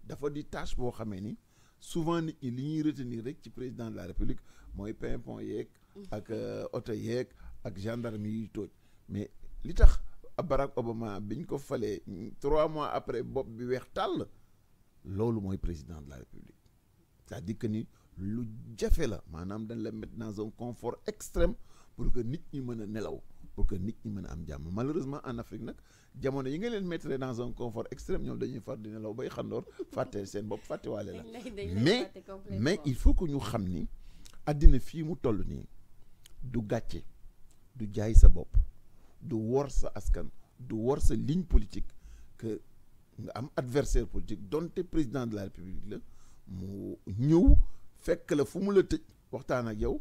dafa di tâche boo xamee ni souvent nit ñi li ñuy retenir rek ci président de la république mooy pimpon yeeg ak euh, oto yeeg ak gendarme yuy tooj mais li tax Barack Obama biñ ko falee trois mois après bopp bi weex tàll loolu mooy président de la république c'est-à-dire que ni lu jafe la maanaam dañ la mettre dans un confort extrême pour que nit ñi mën a nelaw pour que nit ñi mën a am jàmm malheureusement en Afrique nag jamono yi nga leen mettre dans un confort extrême ñoom dañuy far di nelaw bay xandoor fàtte seen bopp fàttewaale la mais mais il faut que ñu xam ni àddina fii mu toll nii du gàcce du jaay sa bopp du wor sa askan du wor sa ligne politique nga am adversaire politique donte président de la république la mu ñëw fekk la fu mu la tëj waxtaan ak yow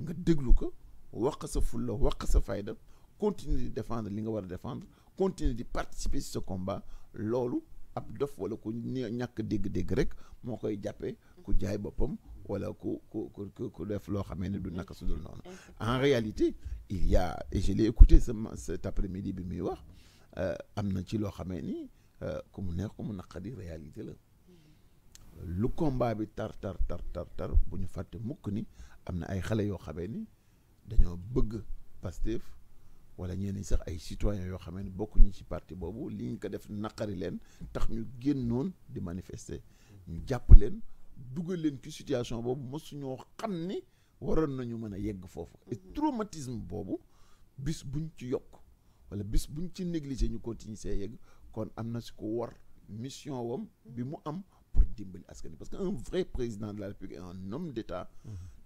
nga déglu ko wax sa fulla wax sa fayda continuer di défendre li nga war a défendre continuer di participer ci ce combat loolu ab dof wala ku ñàkk dégg-dégg rek moo koy jàppe ku jaay boppam wala ku ku ku ku def loo xamee ne du naka su dul noonu en réalité il y a et je l'ai écouté ce après-midi bi muy wax euh, am na ci loo xamee nii ku mu neex ko mu naqadi réalité la lu combat bi tar tar tar tar bu ñu fàtte mukk ni am na ay xale yoo xamee ni dañoo bëgg Pastef wala ñeen ñi sax ay citoyens yoo xamee ni bokkuñu ci parti boobu li ñu ko def naqari leen tax ñu génnoon di manifester ñu jàpp leen dugal leen ci situation boobu mosuñoo xam ni waroon nañu mën a yegg foofu et mhm. boobu bis buñ ci yokk wala bis buñ ci négliger ñu continuer see yegg kon am na si ko war mission wam bi mu am pour dimbali askan parce que un vrai président de la république et un homme d'état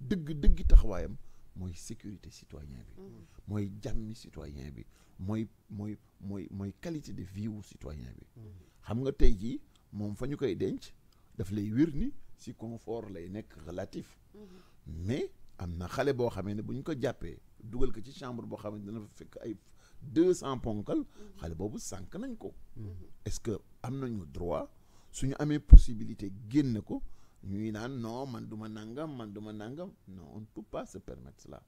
dëgg dëgg taxawaayam mooy sécurité citoyen bi mooy jàmmi citoyen bi mooy mooy mooy mooy qualité de vie wu citoyen bi xam nga tey jii moom fa ñu koy denc daf lay wér ni si confort lay nekk relatif mais am na xale boo xamee ne bu ñu ko jàppee dugal ko ci chambre boo xamee ne dana fa fekk ay deux cent ponkal xale boobu sànq nañ ko est-ce que am nañu droit ñu amee possibilité génn ko ñuy naan non man duma nangam man duma nangam non on ne peut pas se permettre cela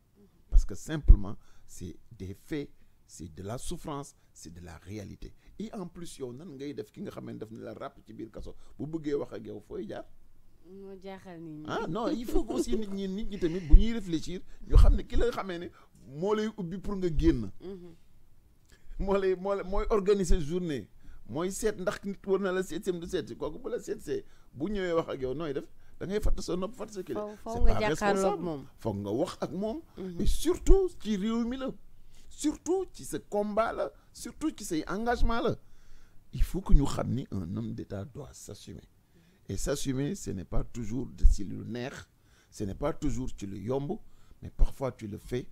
parce que simplement c'est des faits c'est de la souffrance c'est de la réalité et en plus yow nan ngay def ki nga xamante daf ne la ràpp ci biir kaso bu bëggee wax ak yow fooy jaar moo jaaxal nit ñi ah, non il faut que aussi nit ñi nit ñi tamit bu ñuy réfléchir ñu xam ne ki la xamee ne moo lay ubbi pour nga génn mhm. moo lay moo mooy organiser journée mooy seet ndax nit war na la seet si du seet kooku bu la seet see bu ñëwee wax ak yow nooy def dangay ngay fàtt sa nopp fàtt sa kile c'est foog nga wax ak moom mhm. surtout ci réew mi la surtout ci sa combat la surtout ci say engagement la il faut que ñu xam ni un homme d'État doit s'assumer et s'assumer ce n'est pas toujours de si lu neex ce n'est pas toujours ci lu yomb mais parfois tu le fais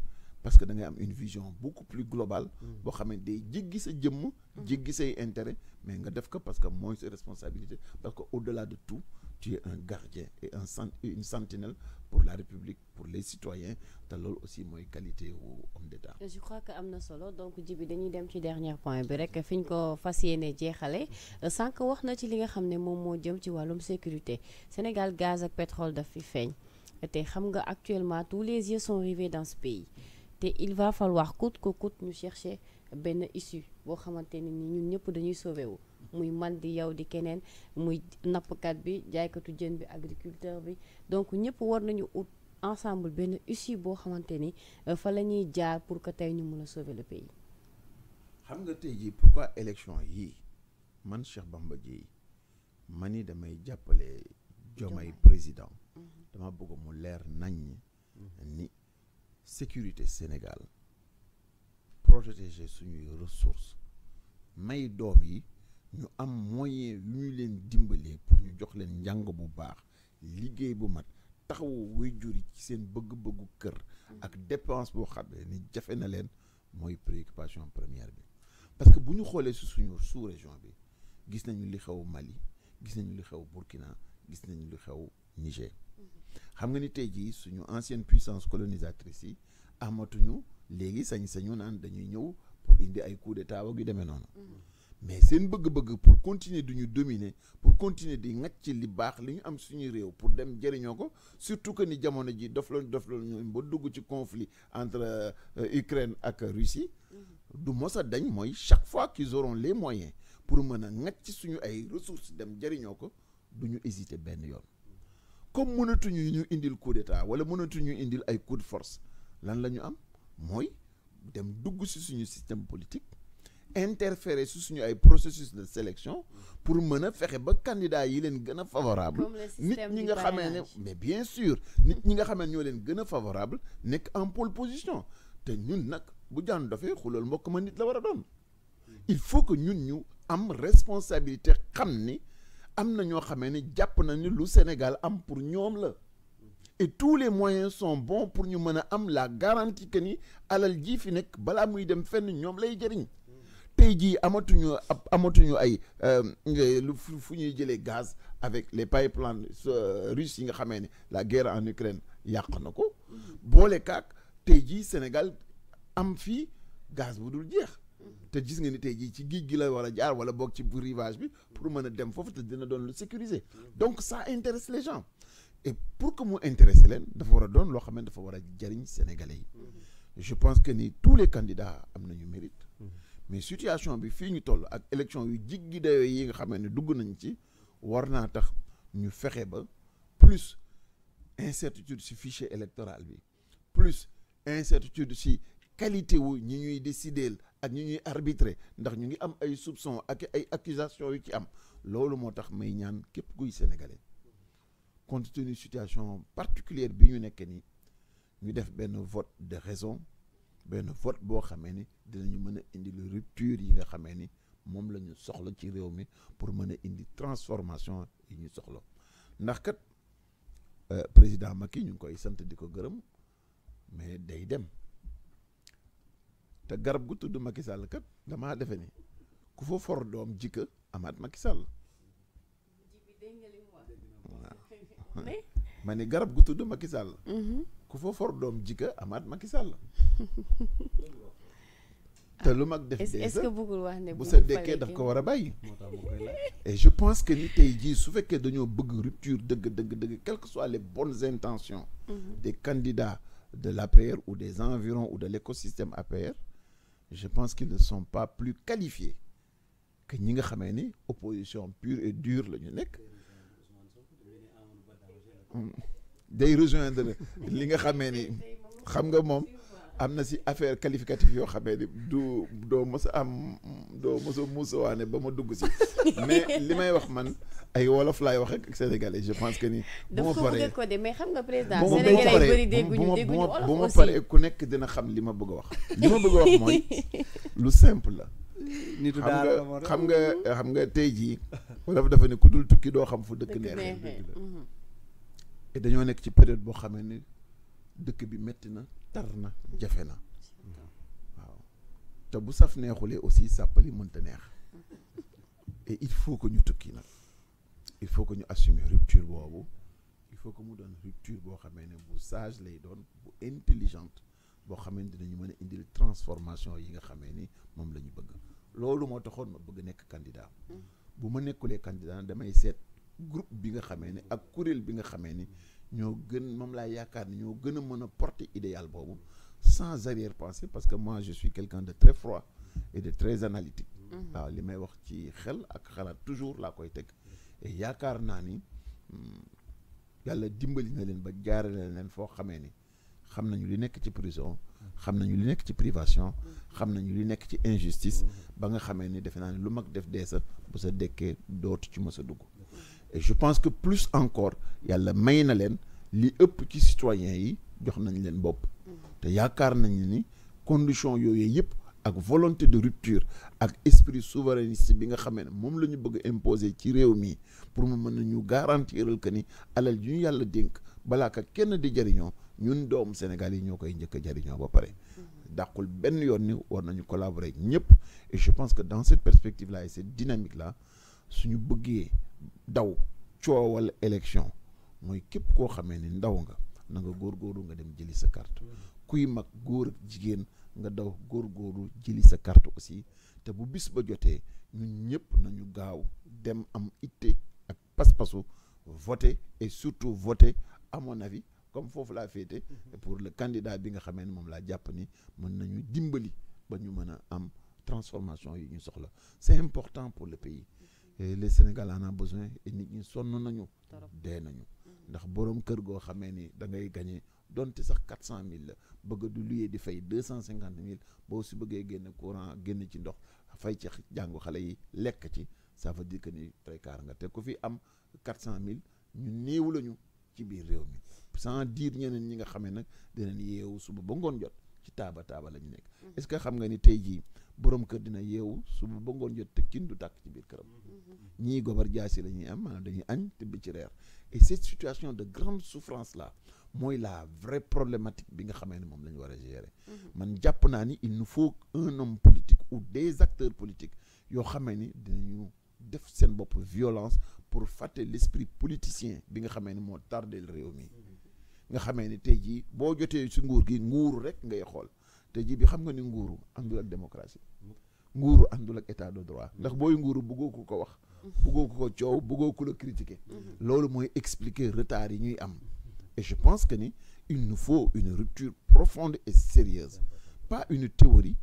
parce que da am une vision beaucoup plus globale. Mm. boo xam ne day jéggi sa jëmm. jéggi say intérêt mais nga def ko parce que mooy sa responsabilité parce que au-delà de tout tu es un gardien et un une sentinelle pour la République pour les citoyens te loolu aussi mooy qualité wu homme d'État. je crois que am na solo donc jibi dañuy dem ci dernier point bi rek fi ñu ko fas yéene jeexale sànq wax na ci li nga xam ne moom moo jëm ci wàllum sécurité Sénégal gaz ak pétrole daf fi feeñ te xam nga actuellement tous les yeux sont rivés te il va falloir coûte que coûte ñu chercher benn issue boo xamante ne ni ñun ñëpp dañuy sauver wu muy man di yow di keneen muy nappkat bi jaaykatu jën bi agriculteur bi donc ñëpp war nañu ut ensemble benn issue boo xamante ni euh, fa la ñuy jaar pour que tey ñu mën a sauver le pays. xam nga tey jii pourquoi élection yii man Cheikh Bamba Dièye ma ni damay jàppale Diomaye président mm-hmm. dama bëgg mu leer nañ mm-hmm. ni sécurité Sénégal protéger suñuy ressources may doom yi ñu am moyen yu ñu leen dimbalee pour ñu jox leen njàng bu baax liggéey bu mat taxawu way juri ci seen bëgg-bëggu kër ak dépense boo xam ne ni jafe na leen mooy préoccupation première bi parce que bu ñu xoolee si suñu sous-région bi gis nañu li xew Mali gis nañu li xew Burkina gis nañu li xew Niger xam nga ni tey jii suñu ancienne puissance colonisatrice yi amatuñu léegi sañ-sañu naan dañuy ñëw pour indi ay coup taaba wag yu demee noonu mm-hmm. mais seen bëgg-bëgg pour continuer duñu dominer pour continuer di ŋàcc li baax li ñu am suñu réew pour dem jëriñoo ko surtout que ni jamono ji dof la dof la ba dugg ci conflit entre euh, Ukraine ak Russie mm-hmm. du mos a dañ mooy chaque fois qu'ils auront les moyens pour mën a ŋàcc suñu ay ressources dem jariñoo ko duñu hésiter benn yoon comme mënatuñu ñu indil coup d'état wala mënatuñu indil ay coup de force lan la ñu am mooy dem dugg si suñu système politique interférer ci suñu ay processus de sélection pour mën a fexe ba candidat yi leen gën a favorable nit ñi nga xamee ne mais bien sûr ñi nga xamee ñoo leen gën a favorable nekk en pole position te ñun nag bu jaan dofee xulool mbokk ma nit la war a doon il faut que ñun ñu am responsabilité xam ni am na ñoo xamee ne jàpp na ni lu Sénégal am pour ñoom la et tous les moyens sont bons pour ñu mën a am la garantie que ni alal jii fi nekk balaa muy dem fenn ñoom lay jëriñ tey jii amatuñu amatuñu ay euh, lu fu ñuy jëlee gaz avec les pipelines euh, russes yi nga xamee ne la guerre en Ukraine yàq na ko mm-hmm. boole kaak tey jii Sénégal am fii gaz bu dul jeex te gis nga ni tey jii ci géej gi la war a jaar wala boog ci bu rivage bi pour mën a dem foofu te dina doon lu sécuriser donc ça intéresse les gens et pour que mu intéresser leen dafa war a doon loo xam ne dafa war a jariñ sénégalais yi je pense que ni tous les candidats am nañu mérite mais situation bi fii ñu toll ak élection yu jig gi dayoo yi nga xam ne dugg nañ ci war naa tax ñu fexe ba plus incertitude si fichier électoral bi plus incertitude si qualité wu ñi ñuy décider ak ñi ñuy arbitré ndax ñu ngi am ay soupçon ak ay accusation yu ci am loolu moo tax may ñaan képp kuy sénégalais compte situation particulière bi ñu nekk nii ñu def benn vote de raison benn vote boo xamee ni dinañu mën a indi lu rupture yi nga xamee ni moom lañu ñu soxla ci réew mi pour mën a indi transformation yi ñu soxla ndax kat euh, président Macky ñu ngi koy sant di ko gërëm mais day dem te garab gu tudd Macky Sall kat damaa defe ni ku fa for doom jikka amaat Macky Sall waaw ma garab gu tudd Macky mhm. ku fa doom jikka amaat Macky Sall te lu mag def est-ce que bëggul wax bu sa dekkee daf ko war a bàyyi et je pense que ni tey jii su fekkee dañoo bëgg rupture dëgg dëgg dëgg quelles que soient les bonnes intentions mhm. des candidats de l'APR ou des environs ou de l'écosystème APR je pense qu'ils ne sont pas plus qualifiés que ñi nga xamee ni opposition pure et dure la ñu nekk mmh. day rejoindre li nga xamee ni xam nga moom am na si affaire qualificative yoo xamee di du doo mos am doo mos a muusawaane ba ma dugg si mais li may wax man ay wolof laay wax ak sénégalais je pense que ni. bu ma paree xam nga président ku nekk dina xam li ma bëgg a wax. li ma bëgg wax mooy lu simple la. nitu daal xam nga xam nga tey jii. wolof dafa ne ku dul tukki doo xam fu dëkk neexee. Mhm. te dañoo nekk ci période boo xamee ni. dëkk bi métti na tar na jafe na waaw te bu saf neexulee aussi sàppali mënta neex il faut que ñu tukki nag il faut que ñu assumer rupture boobu il faut que mu doon rupture boo xamee ne bu sage lay doon bu intelligente boo xamee ne dinañu mën a indil transformation yi nga xamee ni moom la ñu bëgg loolu moo taxoon ma bëgg nekk candidat mm. bu ma nekkulee candidat damay seet groupe bi nga xamee ni ak kuréel bi nga xamee ni ñoo gën moom laa yaakaar ne ñoo gën a mën a porter idéal boobu sans arrière-pensée parce que moi je suis quelqu'un de très froid et de très analytique mhm. waaw li may wax ci xel ak xalaat toujours laa koy teg yaakaar naa ni hmm, yàlla dimbali na leen ba jaarale leen foo xamee ni xam nañu lu nekk ci prison xam nañu li nekk ci privation xam nañu li nekk ci injustice mhm. ba nga xamee ni defe naa ne lu mag def dee sa bu sa dekkee dootu ci mës sa dugg je pense que plus encore yàlla may na leen li ëpp ci citoyens yi jox nañ leen bopp te yaakaar nañu ni condition yooyu yëpp ak volonté de rupture ak esprit souverainiste bi nga xamee ne moom la ñu bëgg imposer ci réew mi pour mu mën nañu garantiral que ni alal yu ñu yàlla dénk balaa ka kenn di jariñoo ñun doomu Sénégal yi ñoo koy njëkk a jariñoo ba pare dàqul benn yoon ni war nañu collaborer ñëpp et je pense que dans cette perspective là et cette dynamique là daw coowal élection mooy képp koo xamee ni ndaw nga na nga góoru nga dem jëli sa carte kuy mag góor ak jigéen nga daw góor góoru jëli sa carte aussi te bu bis ba jotee ñun ñëpp nañu gaaw dem am itte ak pas-pasu voter et surtout voter à mon avis comme foofu laa féete mhm. pour le candidat bi nga xamee ni moom laa jàpp ni mën nañu dimbali ba ñu mën a am transformation yi ñu soxla c'est important pour le pays les Sénégal en a besoin et nit ñi sonn nañu dee nañu mm-hmm. ndax borom kër goo xamee ni da ngay gañee donte sax quatre cent mille la bëgg du luyee di fay deux cent cinquante mille boo si bëggee génn courant génn ci ndox fay ci jàngu xale yi lekk ci ça veut dire que ni précaire nga te ku fi am quatre cent mille ñu néew lañu ci biir réew mi sant diir ñeneen ñi nga xamee nag dinañ yeewu suba ba ngoon jot ci taaba taaba la ñu nekk mm-hmm. est-ce que xam nga ni tey jii borom kër dina yeewu suba ba ngoon jot te cin du tàkk ci biir këram ñii gobar jaasi la ñuy am maanaam dañuy añ tëbb ci reer et cette situation de grande souffrance la mooy la vraie problématique bi nga xamee ne moom la ñu war a gérer mhm. man jàpp naa ni il nous faut un homme politique ou des acteurs politiques yoo xamee ni dina ñu def seen bopp violence pour fàtte l'esprit politicien bi nga xamee ni moo tardel réew mi mhm. nga xamee ni tey jii boo jotee ci nguur gi nguur rek ngay xool te ji bi xam nga ni nguuru àndul ak démocratie nguuru àndul ak état de droit ndax mm-hmm. booy nguuru bëggoo ku ko wax bëggoo ku ko coow bëggoo ku la critiquer mm-hmm. loolu mooy expliquer retard yi ñuy am et je pense que ni il nous faut une rupture profonde et sérieuse pas une théorie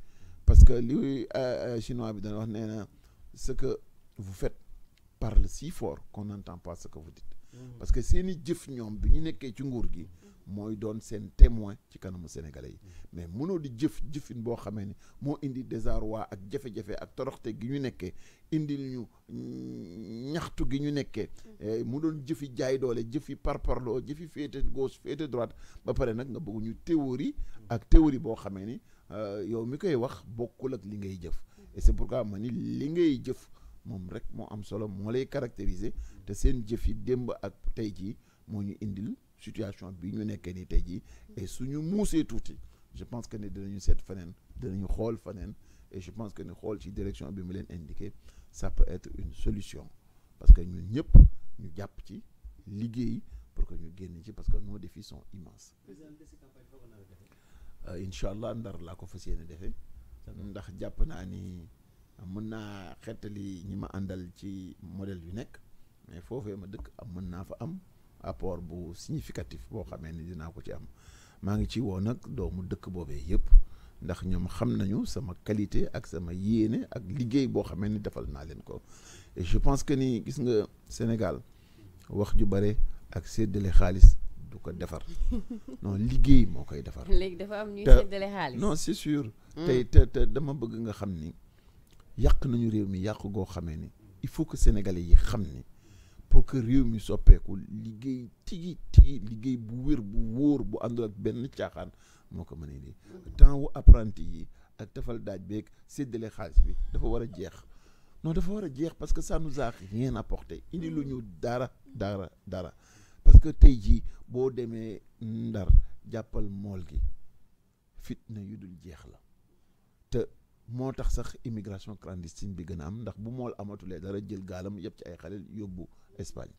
parce que li euh, euh, chinois bi dana wax nee na ce que vous faites parle si fort qu'on n'entend pas ce que vous mm. parce que seeni i jëf ñoom bi ñu nekkee ci nguur gi. mooy doon seen témoin ci kanamu sénégalais yi. Mm. mais mënoo di jëf jëfin boo xamee ni moo indi désarroi ak jafe-jafe ak toroxte gi ñu nekkee indi ñu ñaxtu gi ñu nekkee. Mm. Eh, mu doon jëfi jaay doole jëfi parparloo jëfi féete gauche féete droite ba pare nag nga bëgg ñu théorie. ak théorie boo xamee ni euh, yow mi koy wax bokkul ak li ngay jëf. et c'est pourquoi ma ni li ngay jëf. moom rek moo am solo moo lay caractériser te seen jëf yi démb ak tey jii moo ñu indil situation bi ñu nekkee nii tey jii et suñu muusee tuuti je pense que ne dinañu seet faneen dinañu xool faneen et je pense que ni xool ci direction bi mu leen indiké ça peut être une solution parce que ñu ñëpp ñu jàpp ci liggéey pour que ñu génn ci parce que nos défis sont immenses. Euh, incha allah ndar laa ko fas yéene defee. ndax jàpp naa nii mën naa xettali ñi ma àndal ci modèle yu nekk mais foofee ma dëkk am mën naa fa am apport bu significatif boo xamee ni dinaa ko ci am maa ngi ci woo nag doomu dëkk boobee yëpp ndax ñoom xam nañu sama qualité ak sama yéene ak liggéey boo xamee ni defal naa leen ko je pense que ni gis nga Sénégal wax ju bare ak séddale xaalis du ko defar non liggéey moo koy defar. léegi dafa am ñuy séddale xaalis non c'est sûr. Mm. tey te te dama bëgg nga xam ni. yàq nañu réew mi yàq goo xamee ni il faut que sénégalais yi xam ni pour que réew mi soppeekul liggéey tigi tigi liggéey bu wér bu wóor bu àndul ak benn caaxaan moo ko mënee di temps wu apprenti yi ak defal daaj beeg séddale xaalis bi dafa war a jeex non dafa war a jeex parce que ça nous a rien apporté indi lu ñu dara dara dara parce que tey jii boo demee ndar jàppal mool gi fitna yu dul jeex la moo tax sax immigration clandestine bi gën a am ndax bu mool amatulee dara jël gaalam yëpp ci ay xale yóbbu Espagne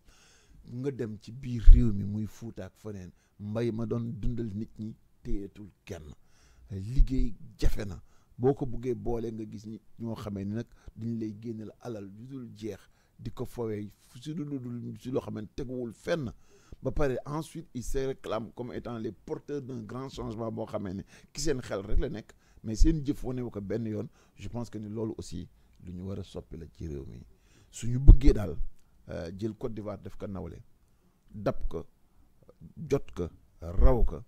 nga dem ci biir réew mi muy Fuuta ak feneen mbay ma doon dundal nit ñi téyetul kenn liggéey jafe na boo ko buggee boole nga gis ñi ñoo xamee ni nag dañ lay génneel alal yu dul jeex di ko fowee si lu dul si loo xam ne teguwul fenn ba pare ensuite ils se réclament comme étant les porteurs d'un grand changement boo xamee ne ki seen xel rek la nekk mais seen jëf wane ko benn yoon je pense que ni loolu aussi lu ñu war a soppi la ci réew mi suñu bëggee daal euh, jël Côte d'Ivoire def ko nawle dab ko jot ko raw ko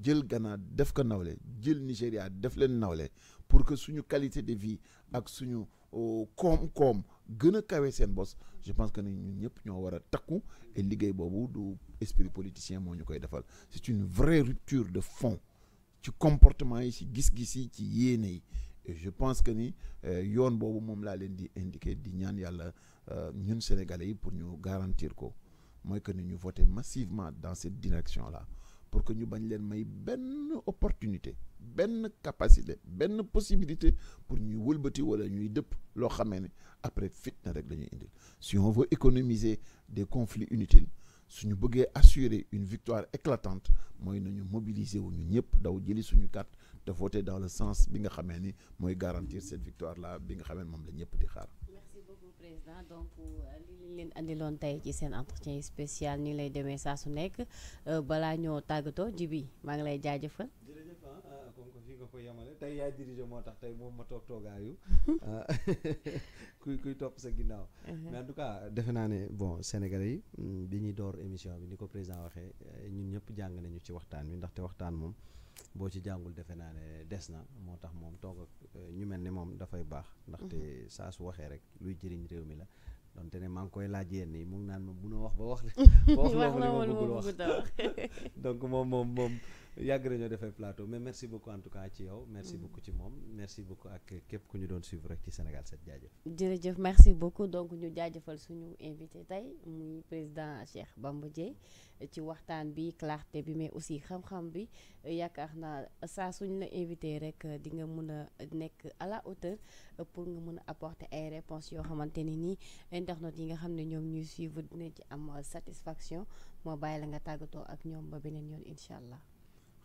jël Ghana def ko nawle jël Nigéria def leen nawle pour que suñu qualité de vie ak suñu euh, koom-koom gën a kawe seen bos je pense que ni ñun ñëpp ñoo war a takku et liggéey boobu du esprit politicien moo ñu koy defal c'est une vraie rupture de fond ci comportement yi ci gis-gis yi ci yéene yi et je pense que ni euh, yoon boobu moom laa leen di indiquer di ñaan yàlla euh, ñun sénégalais yi pour ñu garantir ko mooy que ni ñu voter massivement dans cette direction là pour que ñu bañ leen may benn opportunité benn capacité benn possibilité pour ñuy wëlbati wala ñuy dëpp loo xamee ne après fitna rek la ñuy indil si on veut économiser des conflits inutiles su ñu bëggee assurer une victoire éclatante mooy nañu mobiliser wu ñu ñëpp daw jëli suñu carte te voter dans le sens bi nga xamee ni mooy garantir cette victoire là bi nga xamee moom la ñëpp di xaar. merci beaucoup président donc euh, li ñu leen andiloon tey ci seen entretien spécial ni lay demee saa su nekk euh, balaa ñoo tàggatoo ji bi maa ngi lay jaajëfal. ko yemale tey yaay dirigé moo tax tey moom ma toog toogaayu kuy kuy topp sa ginnaaw uh-huh. mais en defe naa ne bon Sénégalais yi mm, bi ñuy door émission bi ni ko président waxee eh, ñun ñëpp jàng nañu ci waxtaan bi ndaxte waxtaan moom boo ci jàngul defe naa ne des na moo tax moom toog eh, ñu mel ni moom dafay baax ndaxte uh-huh. saa su waxee rek luy jëriñ réew mi la donte ne maa ngi koy laaj yéen nii mu ngi naan ma mun a wax ba wax la moom moom moom yàgg nañoo defee plateau mais merci beaucoup en tout cas ci yow. merci mm. beaucoup ci moom merci beaucoup ak képp ku ñu doon suivre rek ci Sénégal 7 jaajëf. jërëjëf merci beaucoup donc ñu jaajëfal suñu invité tey muy président Cheikh Bamba Dièye ci waxtaan bi clarté bi mais aussi xam-xam bi yaakaar naa saa suñ la invité rek di nga mën a nekk à la hauteur pour nga mën a apporter ay réponses yoo xamante ni nii internautes yi nga xam ne ñoom ñuy suivre dina ci am satisfaction moo bàyyi la nga tàggatoo ak ñoom ba beneen yoon incha allah.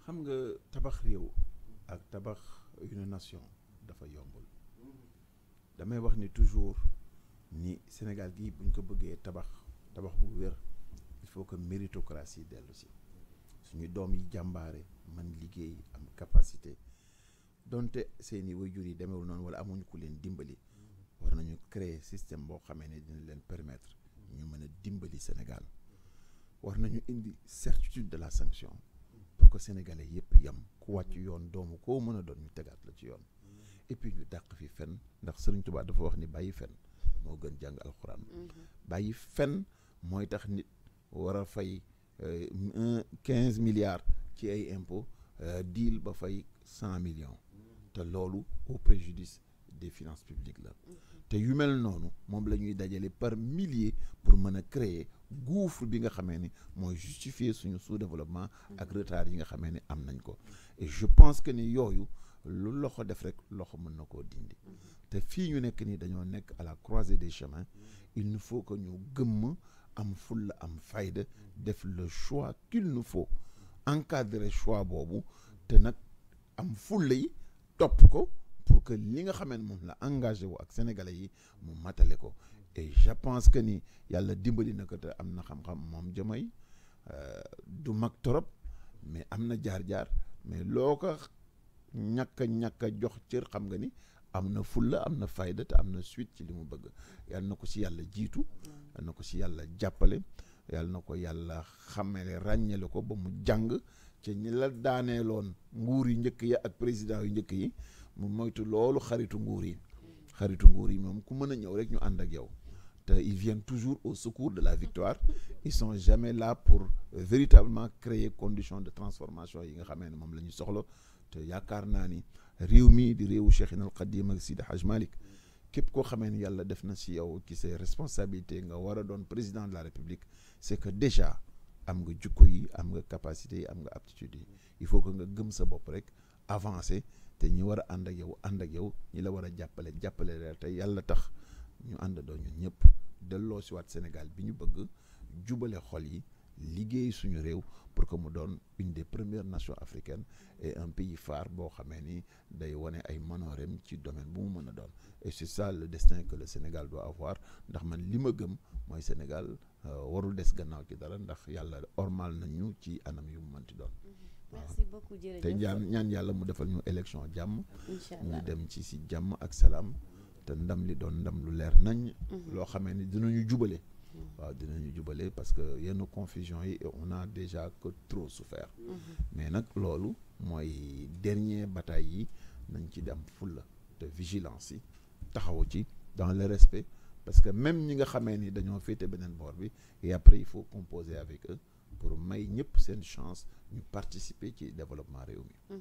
xam nga tabax réew ak tabax une nation dafa yombul damay wax ni toujours ni Sénégal gii buñ ko bëggee tabax tabax bu wér il faut que méritocratie dellu suñu doom yi jàmbaare man liggéey am capacité donte seeni jur yi demewul noonu wala amuñu ku leen dimbali war nañu créer système boo xamee ne dina leen permettre ñu mën a dimbali Sénégal war nañu indi certitude de la sanction ko sénégalais yëpp yam ku wàcc mm-hmm. yoon doomu koo mën a doon ñu tegaat la ci yoon mm-hmm. et puis ñu dàq fi fen ndax sëriñ Tuubaa dafa wax ni bàyyi fen moo gën jàng alxuraan mm-hmm. bàyyi fen mooy tax nit war a fay euh, un quinze milliards ci ay impôts euh, deal ba fay cent million te loolu au préjudice des finances publiques la te yu mel noonu moom la ñuy dajale par milliers pour mën a créer gouffre bi nga xamee ni mooy justifier suñu sous-développement ak mm-hmm. retard yi nga xamee ni am nañ ko je pense que ni yooyu lu loxo def rek loxo mën na koo dindi mm-hmm. te fii ñu nekk nii dañoo nekk à la croisée des chemins mm-hmm. il nous faut que ñu gëmm am fulla am fayda def le choix qu'il nous faut encadrer choix boobu te nag am fulla yi topp ko pour que li nga xamee ne moom la engagé wu ak sénégalais yi mu matale ko et je pense que ni yàlla dimbali na ko te am na xam-xam moom Diomaye euh, du mag trop mais am na jaar-jaar mais loo ko ñàkk a ñàkk jox cër xam nga ni am na fulla am na fayda te am na suite ci li mu bëgg yàlla na ko si yàlla jiitu yàlla na ko si yàlla jàppale yàlla na ko yàlla xamele ràññele ko ba mu jàng ci ñi la daaneeloon nguur yi njëkk yi ak président yu njëkk yi mu moytu loolu xaritu nguur yi xaritu nguur yi moom ku mën a ñëw rek ñu ànd ak yow Euh, ils viennent toujours au secours de la victoire ils son jamais là pour euh, véritablement créer condition de transformation yi nga xamee ne moom la ñu soxla te yaakaar naa ni réew mi di réewu Cheikhina al Qadim ak Sidi Haj Malik képp koo xamee ni yàlla def na si yow ci se responsabilité nga war a doon président de la république c'est que déjà am nga jukko yi am nga capacité yi am nga aptitude yi il faut que nga gëm sa bopp rek avancer te ñi war a ànd ak yow ànd ak yow ñi la war a jàppale jàppale la te yàlla tax ñu ànd àndandoo ñun ñëpp delloo si waat Sénégal bi ñu bëgg jubale xol yi liggéey suñu réew pour que mu doon une des premières nations africaines et un pays phare boo xamee ni day wane ay manoorem ci domaine bu mu mën a doon et c'est ça le destin que le Sénégal doit avoir ndax man li ma gëm mooy Sénégal euh, warul des gannaaw ci dara ndax yàlla ormal nañu ci anam yu mu mënti doon. Mm-hmm. te ñaan ñaan yàlla mu defal ñu élection jàmm. ñu dem ci si jàmm ak salaam. te ndam li doon ndam lu leer nañ. Mhm. loo xamee ni dinañu jubale. Mhm. waaw dinañu jubale parce que yenn confusion yi on a déjà que trop souffert. Mhm. mais nag loolu mooy dernier bataille yi nañ ci dem fulla te vigilance yi taxawu ci dans le respect parce que même ñi nga xamee ni dañoo féete beneen boor bi et après il faut composer avec eux pour may ñëpp seen chance ñu participer ci développement réew mi.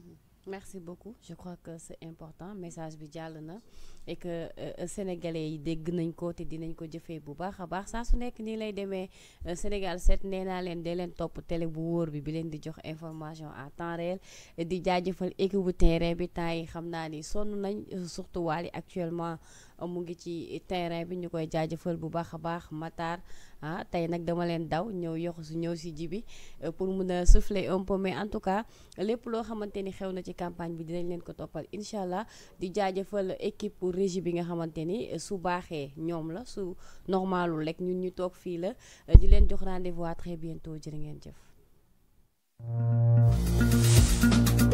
merci beaucoup je crois que c'est important message bi jàll na et que euh, sénégalais yi dégg nañ ko te dinañ ko jëfee bu baax a baax saa su nekk nii lay demee euh, Sénégal set nee naa leen de leen topp télé bu wóor bi bi leen di jox information à temps réel di jaajëfal équipe bu terrain bi temps yi xam naa ni sonn nañ euh, waal yi actuellement. mu ngi ci terrain bi ñu koy jaajëfal bu baax a baax Matar ah tey nag dama leen daw ñëw yoxu su ñëw si ji bi euh, pour mun a souffler un peu mais en tout cas lépp loo xamante ni xew na ci campagne bi dinañ leen ko toppal incha allah di jaajëfal équipe pour régie bi nga xamante ni euh, su baaxee ñoom la su normalul rek ñun ñu toog fii la euh, di leen jox rendez-vous à très bientôt ngeen jëf.